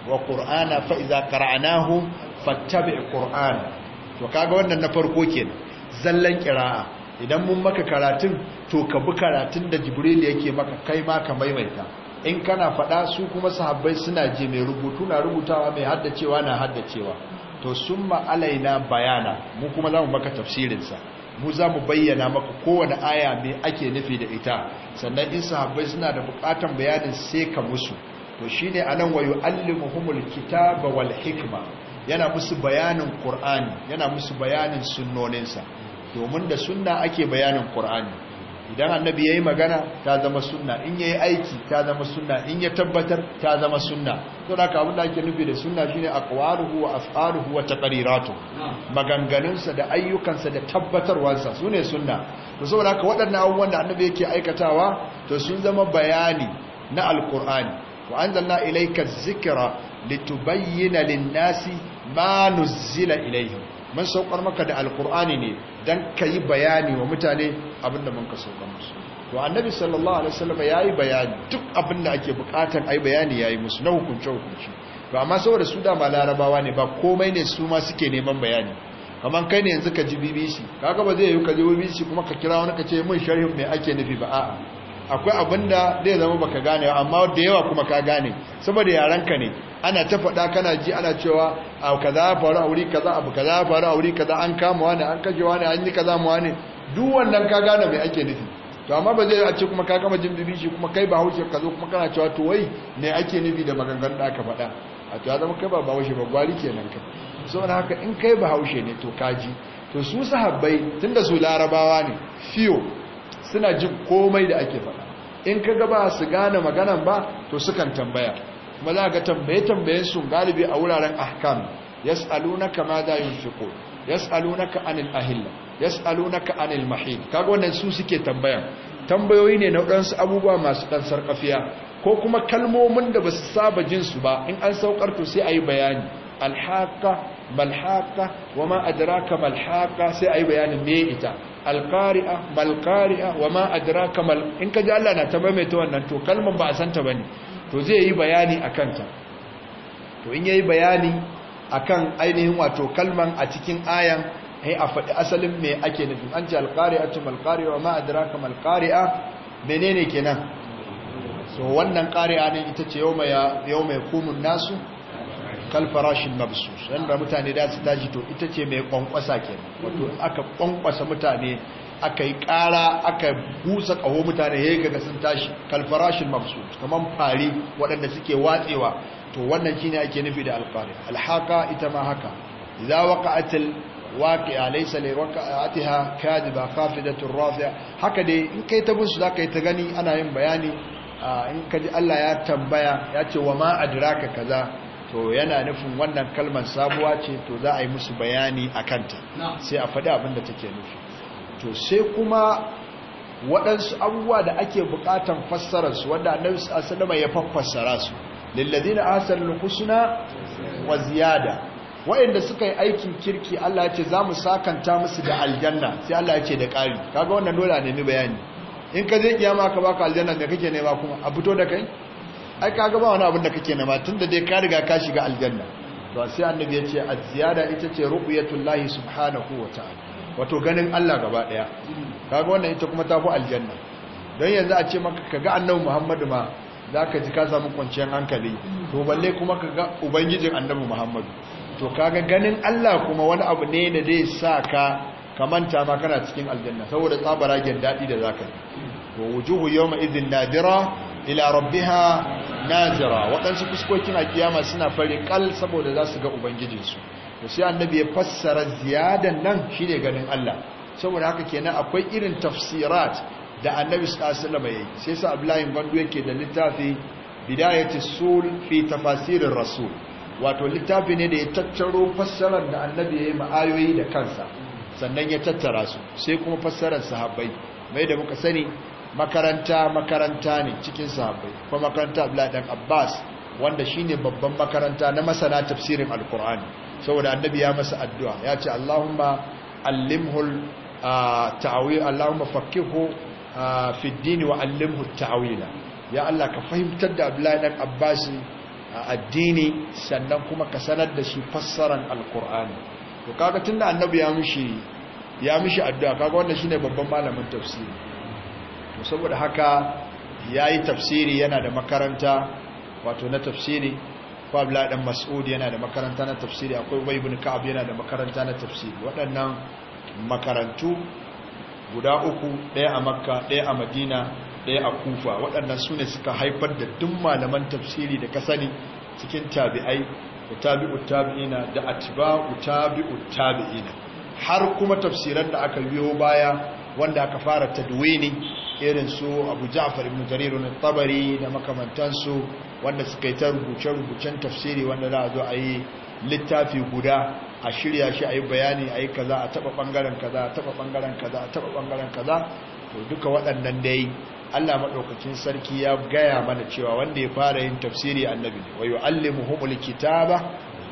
A: wa qur'ana fa idza qara'nahu fattabi' qur'ana to kaga wannan na farko kenan zallan qira'a idan mun maka karatun to ka bi karatun da jibril yake maka kai ma ka maimaita in kana faɗa su kuma sahabbai suna ji mai rubutu na rubutawa mai haddacewa na haddacewa to sun ma'alaina bayana mu kuma za mu maka tafsirinsa mu za mu bayyana maka kowane aya mai ake nufi da ita sannan in sahabbai suna da bukatan bayanin sai ka musu to shi shine anan wayo allimuhumul kitaba wal hikma yana musu bayanin qur'ani yana musu bayanin sunnoninsa domin da sunna ake bayanin qur'ani idan annabi yayi magana ta zama sunna in ya yi aiki ta zama sunna in ya tabbatar ta zama sunna to da abin da ake nufi da sunna shine kwaruhu wa af'aluhu wa takariratu maganganunsa da ayyukansa da tabbatarwansa su ne sunna to saboda haka waɗannan abubuwan da annabi yake aikatawa to sun zama bayani na alkur'ani wa anzalna ilayka litubayyana lin-nasi ma mun saukar maka da alkur'ani ne don ka yi bayani wa mutane abinda man ka saukar musu to annabi sallallahu alaihi wasallam ya yi bayani duk abinda ake bukatar a bayani ya yi musu na hukunce hukunce to amma saboda su dama larabawa ne ba komai ne su ma suke neman bayani kamar kai ne yanzu ka ji bbc kaga ba zai yi ka ji bbc kuma ka kira wani ka ce mun sharhin me ake nufi ba a'a akwai abinda zai zama baka gane amma da yawa kuma ka gane saboda yaranka ne ana ta faɗa kana ji ana cewa a kaza ya faru a wuri kaza abu kaza ya faru a wuri kaza an kama wani an kashe wani an yi kaza mu wani duk wannan ka gane mai ake nufi to amma ba zai a ce kuma ka gama jin dubi shi kuma kai ba haushe ka zo kuma kana cewa to wai me ake nufi da maganganun da aka faɗa a to ya zama kai ba ba haushe ba gwari kenan ka saboda haka in kai ba haushe ne to kaji to su sahabbai tunda su larabawa ne fiyo suna jin komai da ake faɗa in ka gaba su gane maganan ba to sukan tambaya kuma za ga tambaye tambayen sun galibi a wuraren ahkam yas'alunaka ma da yunfiqu ka anil ahilla ka anil mahid kaga wannan su suke tambaya tambayoyi ne na ɗansu abubuwa masu ɗan sarkafiya ko kuma kalmomin da ba su saba jinsu ba in an saukar to sai a yi bayani Alhaka alhaqa wa wama adraka malhaqa sai yi bayanin me ita alqari'a mal qari'a wama adraka mal in ji Allah na ta maimaita wannan to kalman ba a santa bane to zai yi bayani akan ta to in yayi bayani akan ainihin wato kalman a cikin ayan ai a faɗi asalin me ake nufin an ce alqari'atu mal qari'a wama adraka mal qari'a menene kenan so wannan qari'a ne ita ce yau mai kumun nasu kalfarashin mabsus yadda mutane da su tashi to ita ce mai kwankwasa ke wato aka kwankwasa mutane aka yi ƙara aka busa ƙaho mutane ya yi gaga sun tashi farashin mabsus kamar fari waɗanda suke watsewa to wannan shine ake nufi da alfari alhaka ita ma haka Za idza waqa'atil waqi'a laysa kaji ba kafi da turrafiya haka dai in kai ta bin su ka yi ta gani ana yin bayani ah, in kaji Allah ya tambaya ya ce wa ma ka kaza to yana nufin wannan kalmar sabuwa ce to za a yi musu bayani a kanta sai a faɗi abinda take nufi to sai kuma waɗansu abubuwa da ake buƙatan fassararsu wanda annabi asalama ya faffassara su na asar lukusuna wa ziyada waɗanda suka yi aikin kirki Allah ya ce za mu sakanta musu da aljanna sai Allah ya ce da ƙari kaga wannan dole ne bayani in ka je kiyama ka baka aljanna da kake nema kuma a fito da kai ai ka ba wani abin da kake nema da dai ka riga ka shiga aljanna to sai annabi ce az-ziyada ita ce ru'yatullahi subhanahu wa ta'ala wato ganin Allah gaba daya kaga wannan ita kuma tafi aljanna don yanzu a ce maka kaga annabi Muhammadu ma zaka ji ka samu kwanciyar hankali to balle kuma kaga ubangijin annabi Muhammadu to kaga ganin Allah kuma wani abu ne da zai sa ka kamanta ma kana cikin aljanna saboda tsabaragen daɗi da zaka yi wa wujuhu yawma idhin nadira ila rabbiha nazira waɗansu fuskokin a kiyama suna fari kal saboda za su ga ubangijinsu da sai annabi ya fassara ziyadan nan shine ganin Allah saboda haka kenan akwai irin tafsirat da annabi sallallahu alaihi yayi sai sa Abdullahi Bandu yake da littafi bidayati sul fi tafasirir rasul wato littafi ne da ya tattaro fassarar da annabi yayi ma'ayoyi da kansa sannan ya tattara su sai kuma fassarar sahabbai mai da muka sani makaranta makaranta ne cikin sahabbai kuma makaranta Abdullahi dan Abbas wanda shine babban makaranta na masana tafsirin alkur'ani saboda annabi ya masa addu'a ya ce Allahumma allimhu ah, ta'wil Allahumma faqihu ah, fi ad-din wa allimhu ta'wila ya Allah ka fahimtar da Abdullahi dan Abbas ah, addini sannan kuma ka sanar da shi fassaran alkur'ani to kaga tunda annabi ya mishi ya mishi addu'a kaga wannan shine babban malamin tafsiri to saboda haka ya yi tafsiri yana da makaranta wato na tafsiri fabla dan Mas'udi yana da makaranta na tafsiri akwai wai ka'ab yana da makaranta na tafsiri waɗannan makarantu guda uku ɗaya a makka ɗaya a madina ɗaya a kufa waɗannan su ne suka haifar da duk malaman tafsiri da kasani cikin tabi'ai da tabi'u tabi'ina da atba'u tabi'u tabi'ina har kuma tafsiran da aka biyo baya wanda aka fara tadwini irin su abu ja'far ibn jarir ibn tabari da makamantansu wanda suka yi ta rubuce-rubucen tafsiri wanda za a zo a yi littafi guda a shirya shi a yi bayani a yi kaza a taba bangaren kaza a taba bangaren kaza a taba bangaren kaza to duka waɗannan dai Allah maɗaukacin sarki ya gaya mana cewa wanda ya fara yin tafsiri annabi ne wa yu'allimuhumul kitaba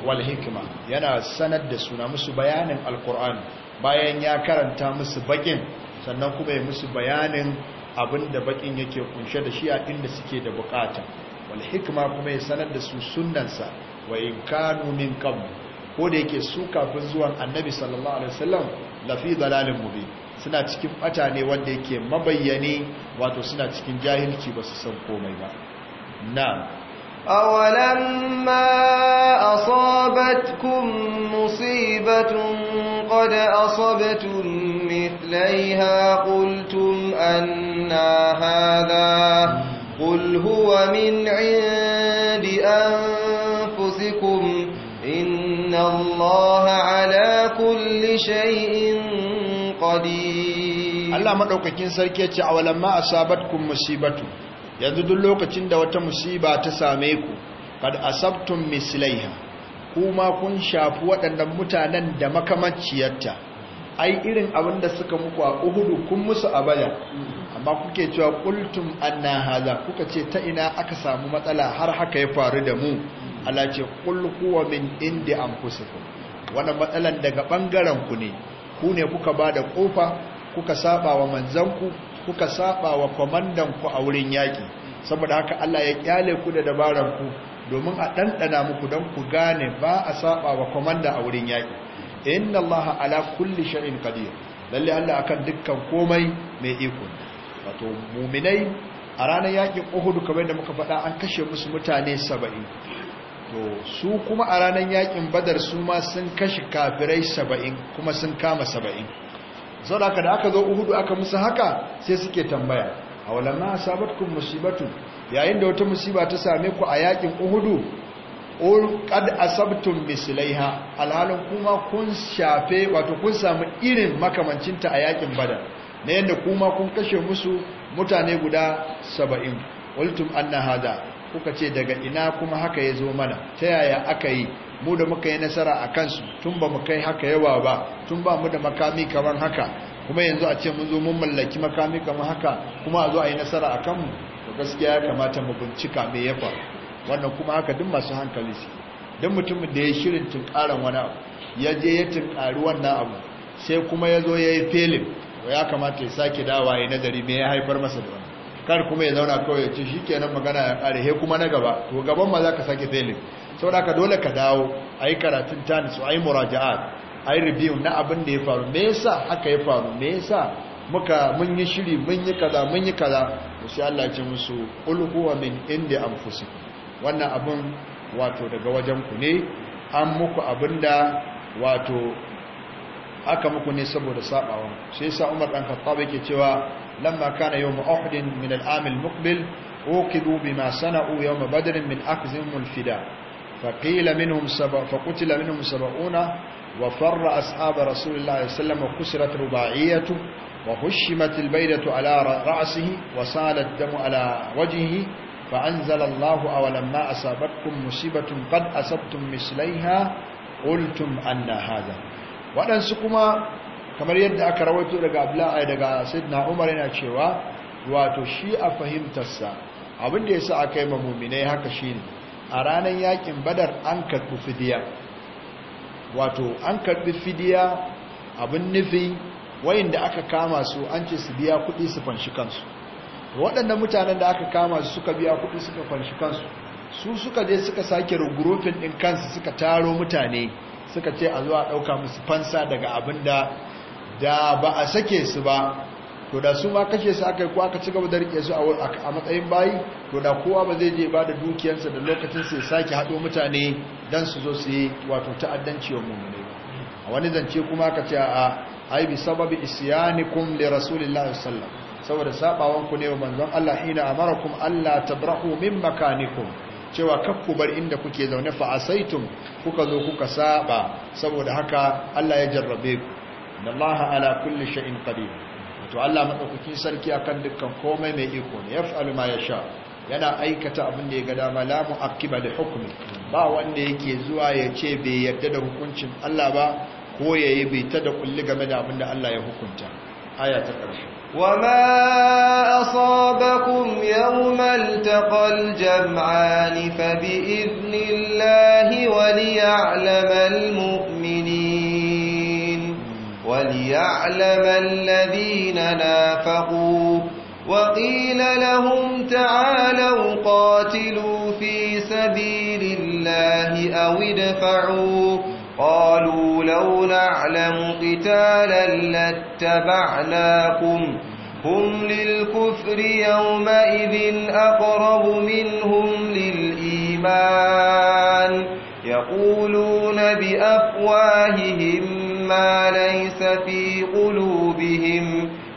A: wal hikma yana sanar da suna musu bayanin alqur'an bayan ya karanta musu bakin sannan kuma ya musu bayanin abinda bakin yake kunshe da shi a inda suke da bukata wal hikma kuma ya sanar da su sunnansa wa in kanu min qabl ko da yake su kafin zuwan annabi sallallahu alaihi wasallam lafi dalalin mubin suna cikin bata ne wanda yake mabayyane wato suna cikin jahilci ba su san komai ba na'am
B: أولما أصابتكم مصيبة قد أصبتم مثليها قلتم أنا هذا قل هو من عند أنفسكم إن الله على كل شيء قدير الله مدوكاكين سركيتي
A: أولما أصابتكم مصيبة yanzu duk lokacin da wata musiba ta same ku kad asabtum mislaiha kuma kun shafi waɗannan mutanen da makamanciyarta ai irin abin da suka muku a uhudu kun musu a baya amma kuke cewa qultum anna hadha kuka ce ta ina aka samu matsala har haka ya faru da mu Allah ce qul huwa min indi anfusikum wannan matsalan daga bangaren ku ne ku ne kuka bada kofa kuka saba wa manzanku kuka saba wa kwamandan ku a wurin yaƙi saboda haka Allah ya kyale ku da dabaran ku domin a ɗanɗana muku don ku gane ba a saba wa kwamanda a wurin yaƙi inna Allah ala kulli shay'in qadir lalle Allah akan dukkan komai mai iko wato muminai a ranar yaƙin Uhud kamar da muka faɗa an kashe musu mutane 70 to su kuma a ranar yakin badar su ma sun kashe kafirai saba'in kuma sun kama saba'in sau da aka zo uhudu aka musu haka sai suke tambaya a walamma sabatkum musibatu yayin da wata musiba ta same ku a yakin uhudu a asabtum misilaiha alhalin kuma kun shafe wato kun sami irin makamancinta a yakin bada na yadda kuma kun kashe musu mutane guda saba'in waltum na hada kuka ce daga ina kuma haka ya zo mana ta yaya aka yi mu da muka yi nasara a kansu tun ba mu kai haka yawa ba tun ba mu da makami kamar haka kuma yanzu a ce mun zo mun mallaki makami kamar haka kuma a zo a yi nasara a kanmu to gaskiya ya kamata mu bincika me ya wannan kuma haka duk masu hankali su duk mutumin da ya shirin tunkarar wani abu ya je ya tunkari wannan abu sai kuma ya zo ya yi felin ya kamata ya sake dawa ya nazari me ya haifar masa da wani kar kuma ya zauna kawai ya ce shi kenan magana ya kare he kuma na gaba to gaban ma za ka sake felin saboda ka dole ka dawo a yi karatun nisu a yi muraja'at a yi review na abin da ya faru me yasa haka ya faru me yasa muka mun yi shiri mun yi kaza mun yi kaza sai Allah ce musu qul min indi fusi wannan abin wato daga wajen ku ne an muku da wato aka muku ne saboda sabawa sai yasa Umar dan Khattab yake cewa lamma kana yawm Uhud min al-am al-muqbil uqibu bima sana'u yawm Badr min akzim al-fida فقيل منهم سبع فقتل منهم سبعون وفر أصحاب رسول الله صلى الله عليه وسلم وكسرت رباعيته وهشمت البيدة على رأسه وسال الدم على وجهه فأنزل الله أولما أصابتكم مصيبة قد أصبتم مثليها قلتم أن هذا waɗansu kamar yadda aka rawaito daga abla'a daga sidna umar yana cewa wato shi a fahimtarsa abinda ya sa aka yi mamuminai haka shi ne a ranar yakin badar an karɓi fidiya wato an karɓi fidiya abin nufi wayanda aka kama su an ce su biya kuɗi su fanshi kansu waɗanda mutanen da aka kama su suka biya kuɗi suka fanshi kansu su suka je suka sake rugurufin ɗin kansu suka taro mutane suka ce a zuwa ɗauka musu fansa daga abin da da ba a sake su ba to da su ma kashe su aka yi ko aka ci gaba da rike su a matsayin bayi to da kowa ba zai je ba da dukiyarsa da lokacin sai sake haɗo mutane don su zo su yi wato ta'addanci wa mummune a wani zance kuma aka ce a ai bi sababi isyanikum li rasulillahi sallam saboda sabawan ku ne wa manzon Allah ina amarakum Allah tabrahu min makanikum cewa kakku bar inda kuke zaune fa asaitum kuka zo kuka saba saboda haka Allah ya jarrabe ku Dallaha ala kulli shay'in qadir to Allah madaukakin sarki akan dukkan komai mai iko ne yaf'alu ma yasha yana aikata abin da ya ga dama la mu'aqqiba da hukmi ba wanda yake zuwa ya ce bai yarda da hukuncin Allah ba ko yayi bai ta da kulli game da abin da Allah ya hukunta aya ta ƙarshe
B: wama asabakum yawmal taqal jam'an fa bi idnillahi wa liya'lamal mu'min يعلم الذين نافقوا وقيل لهم تعالوا قاتلوا في سبيل الله أو ادفعوا قالوا لو نعلم قتالا لاتبعناكم هم للكفر يومئذ أقرب منهم للإيمان يقولون بأفواههم ما ليس في قلوبهم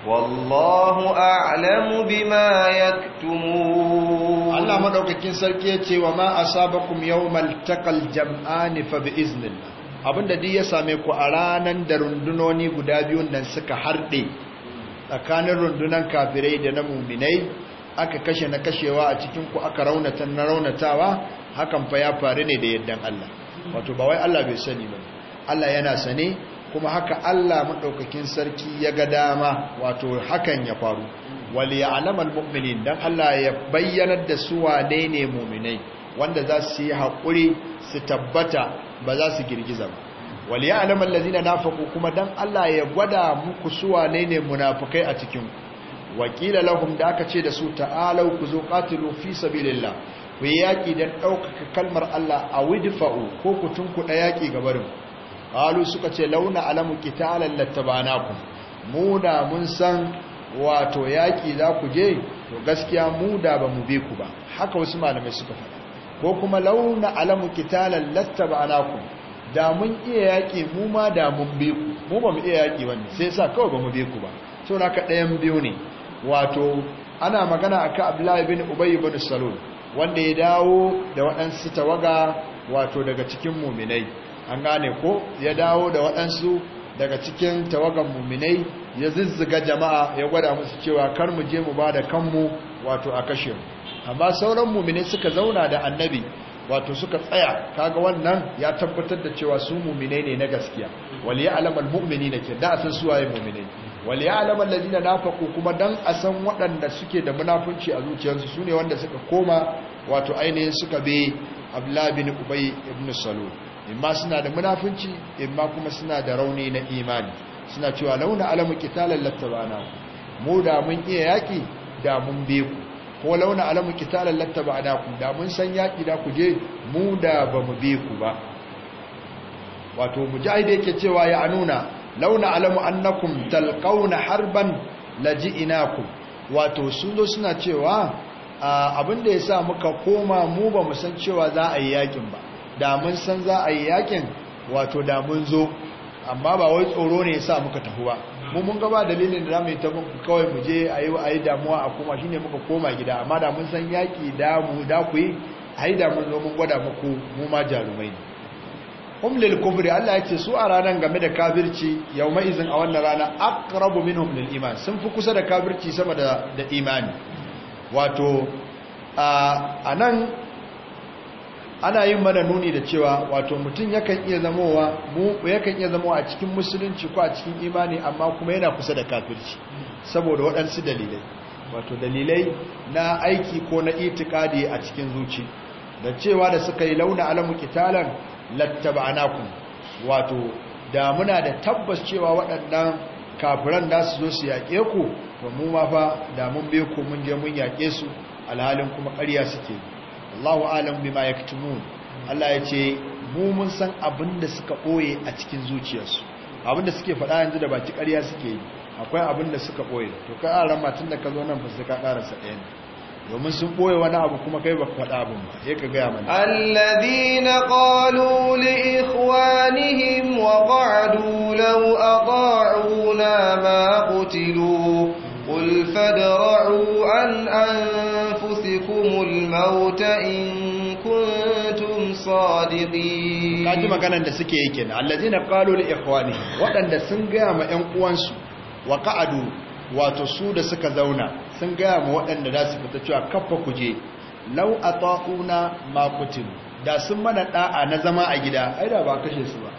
B: والله أعلم بما يكتمون الله مدوككين سركيتي وما أصابكم
A: يوم التقى الجمعان فبإذن الله abinda duk ya same ku a ranan da rundunoni guda biyu nan suka harɗe tsakanin rundunan kafirai da na muminai aka kashe na kashewa a cikin ku aka raunata na raunatawa hakan fa ya faru ne da yaddan Allah wato ba wai Allah bai sani ba Allah yana sane kuma haka Allah maɗaukakin sarki ya ga dama wato hakan ya faru wali ya alamar mu'minin don Allah ya bayyanar da su wane ne mu'minai wanda za su yi haƙuri su tabbata ba za su girgiza ba wali ya alamar lazina nafaku kuma don Allah ya gwada muku su wane ne munafukai a cikin wakila lahum da aka ce da su ta'alau ku zo qatilu fi sabilillah ku yaƙi dan ɗaukaka kalmar Allah a widfa'u ko ku tunkuɗa yaki gabarin qalu suka ce launa alamu qitalan lattabanakum mu da mun san wato yaki za ku je to gaskiya mu da ba mu bi ku ba haka wasu malamai suka faɗa ko kuma launa alamu qitalan lattabanakum da mun iya yaki mu ma da mun bi ku mu ba mu iya yaki wannan sai sa kawai ba mu bi ku ba to naka ɗayan biyu ne wato ana magana akan Abdullahi bin Ubay bin Salul wanda ya dawo da waɗansu tawaga wato daga cikin muminai an gane ko ya dawo da waɗansu daga cikin tawagan muminai ya zizziga jama'a ya gwada musu cewa kar mu je mu ba da kanmu wato a kashe mu amma sauran muminai suka zauna da annabi wato suka tsaya kaga wannan ya tabbatar da cewa su muminai ne na gaskiya wal ya'lamu al mu'minina ke da asan su waye muminai wal ya'lamu ladina nafaqu kuma dan asan san waɗanda suke da munafunci a zuciyarsu sune wanda suka koma wato ainihin suka bi abla bin ubay ibn salul imma suna da munafunci imma kuma suna da rauni na imani suna cewa launa alamu qitalan lattabana mu da mun iya yaki da mun be ku ko launa alamu qitalan lattabana ku da mun san yaki da ku je mu da ba mu be ku ba wato mujahid yake cewa ya anuna launa alamu annakum talqauna harban laji'inakum wato sun zo suna cewa abinda ya sa muka koma mu ba mu san cewa za a yi yakin ba da mun san za a yi yakin wato da mun zo amma ba wai tsoro ne ya sa muka tafi ba mu mun gaba dalilin da zamu yi ta muku kawai mu je a yi a yi damuwa a koma shine muka koma gida amma da mun san yaki da mu da ku yi ai da mun zo mun gwada muku mu ma jarumai ne hum lil kufri Allah yace su a ranan game da kafirci yauma izin a wannan rana aqrabu minhum lil iman sun fi kusa da kafirci sama da imani wato a nan ana yin mana nuni da cewa wato mutum yakan iya zamowa yakan iya zamowa a cikin musulunci ko a cikin imani amma kuma yana kusa da kafirci saboda waɗansu dalilai wato dalilai na aiki ko na itikadi a cikin zuci da cewa da suka yi launa alamu kitalan anakun wato da muna da tabbas cewa waɗannan kafiran da su zo su yaƙe ku to mu ma fa da mun bai ku mun je mun yaƙe su alhalin kuma ƙarya suke Allahu alam bima yaktumun Allah ya ce mu mun san abin da suka ɓoye a cikin zuciyarsu abin da suke faɗa yanzu da baki ƙarya suke yi akwai abin da suka ɓoye to kai a rama tun da ka zo nan ba sai ka sa ɗaya ne domin sun ɓoye wani abu kuma kai ba faɗa abin ba ya ka gaya mana alladhina
B: qalu li ikhwanihim wa qa'du law ata'una ma qutilu qul fadra'u an anfusikum al-maut in kuntum sadiqin kaji maganan da suke yi kenan alladhina qalu li ikhwanihim wadanda
A: sun gaya ma ƴan uwansu wa qa'du wato su da suka zauna sun gaya mu waɗanda za su fita cewa kafa kuje lau a ta'una makutin da sun mana ɗa'a na zama a gida ai da ba kashe su ba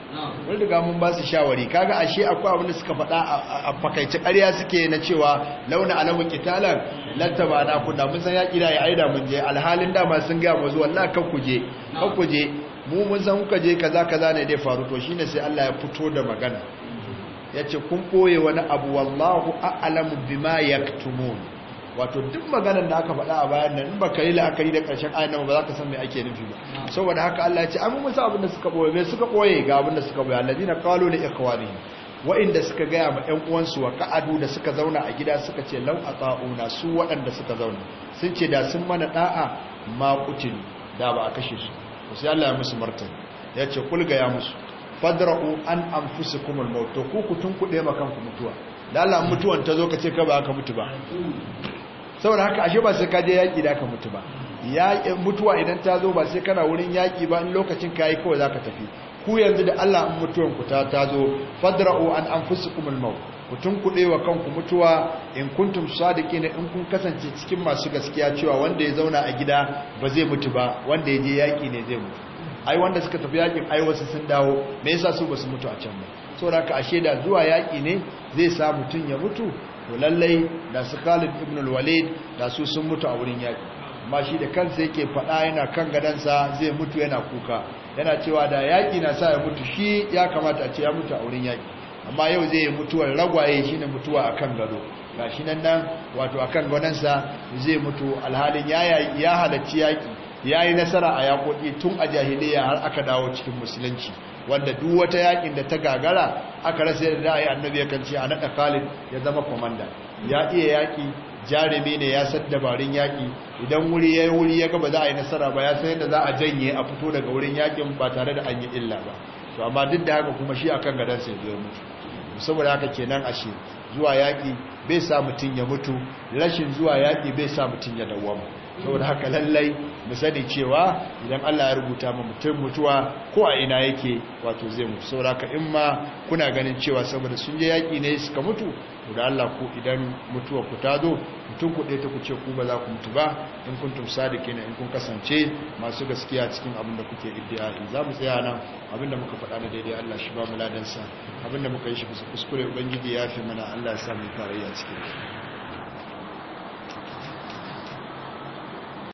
A: wani daga mun ba su shawari kaga ashe akwai abinda suka faɗa a fakaice ƙarya suke na cewa launa alamun kitalan lantaba na kuna mun san ya ƙira ya aida mun je alhalin dama sun gaya mu zuwa na kan kuje kan mu mun san kuka je kaza kaza ne dai faru to ne sai Allah ya fito da magana yace kun koye wani abu wallahu a'lamu bima yaktumun wato duk maganar da aka faɗa a bayan nan in baka yi la'akari da ƙarshen ayan nan ba za ka san me ake nufi ba saboda haka Allah ya ce amma musa abin da suka boye me suka boye ga abin da suka na alladina qalu li ikhwanihim wa'inda suka gaya ma ƴan uwansu wa ka'adu da suka zauna a gida suka ce lau ata'una su waɗanda suka zauna sun ce da sun mana da'a ma kutin da ba a kashe su sai Allah ya musu martani ya ce musu fadra'u an anfusikum al-maut to ku kutun kuɗe ma kanku mutuwa da Allah mutuwan ta zo ka ce ka ba ka mutu ba saboda haka ashe ba sai ka je yaki da ka mutu ba ya mutuwa idan ta zo ba sai kana wurin yaki ba in lokacin ka yi kawai zaka tafi ku yanzu da Allah in mutuwan ku ta tazo fadra'u an anfusikum al-maut ku tunkuɗe wa kanku mutuwa in kuntum sadiqin in kun kasance cikin masu gaskiya cewa wanda ya zauna a gida ba zai mutu ba wanda ya je yaki ne zai mutu ai wanda suka tafi yakin ai wasu sun dawo me yasa su basu mutu a can ba saboda ka ashe da zuwa yaki ne zai sa mutun ya mutu to lallai da su Khalid ibn al-Walid da su sun mutu a wurin yaki amma shi da kansa yake faɗa yana kan gadansa zai mutu yana kuka yana cewa da yaki na sa ya mutu shi ya kamata a ce ya mutu a wurin yaki amma yau zai yi mutuwar ragwaye shine mutuwa akan gado gashi nan nan wato akan sa zai mutu alhalin ya ya halacci yaki ya yi nasara a yaƙoƙi tun a jahiliya har aka dawo cikin musulunci wanda duk wata yaƙin da ta gagara aka rasa yadda a yi annabi ya kanci a naɗa khalid ya zama kwamanda ya iya yaƙi jarumi ne ya san dabarun yaƙi idan wuri ya yi wuri ya gaba za a yi nasara ba ya san yadda za a janye a fito daga wurin yaƙin ba tare da an yi illa ba to amma duk da haka kuma shi akan gadon sai ya mutu saboda haka kenan ashe zuwa yaƙi bai sa mutum ya mutu rashin zuwa yaƙi bai sa mutum ya dawwama saboda haka lallai mu sani cewa idan Allah ya rubuta mu mutum mutuwa ko a ina yake wato zai mutu saboda haka in ma kuna ganin cewa saboda sun je yaki ne suka mutu to da Allah ku idan mutuwa ku ta zo mutum ku ɗaya ta ku ce ku ba za ku mutu ba in kun tumsa da kenan in kun kasance masu gaskiya cikin abin da kuke iddia in za mu tsaya nan abin da muka faɗa na daidai Allah shi ba mu ladansa abin da muka yi shi kuskure ubangiji ya fi mana Allah ya sa mu tarayya cikin shi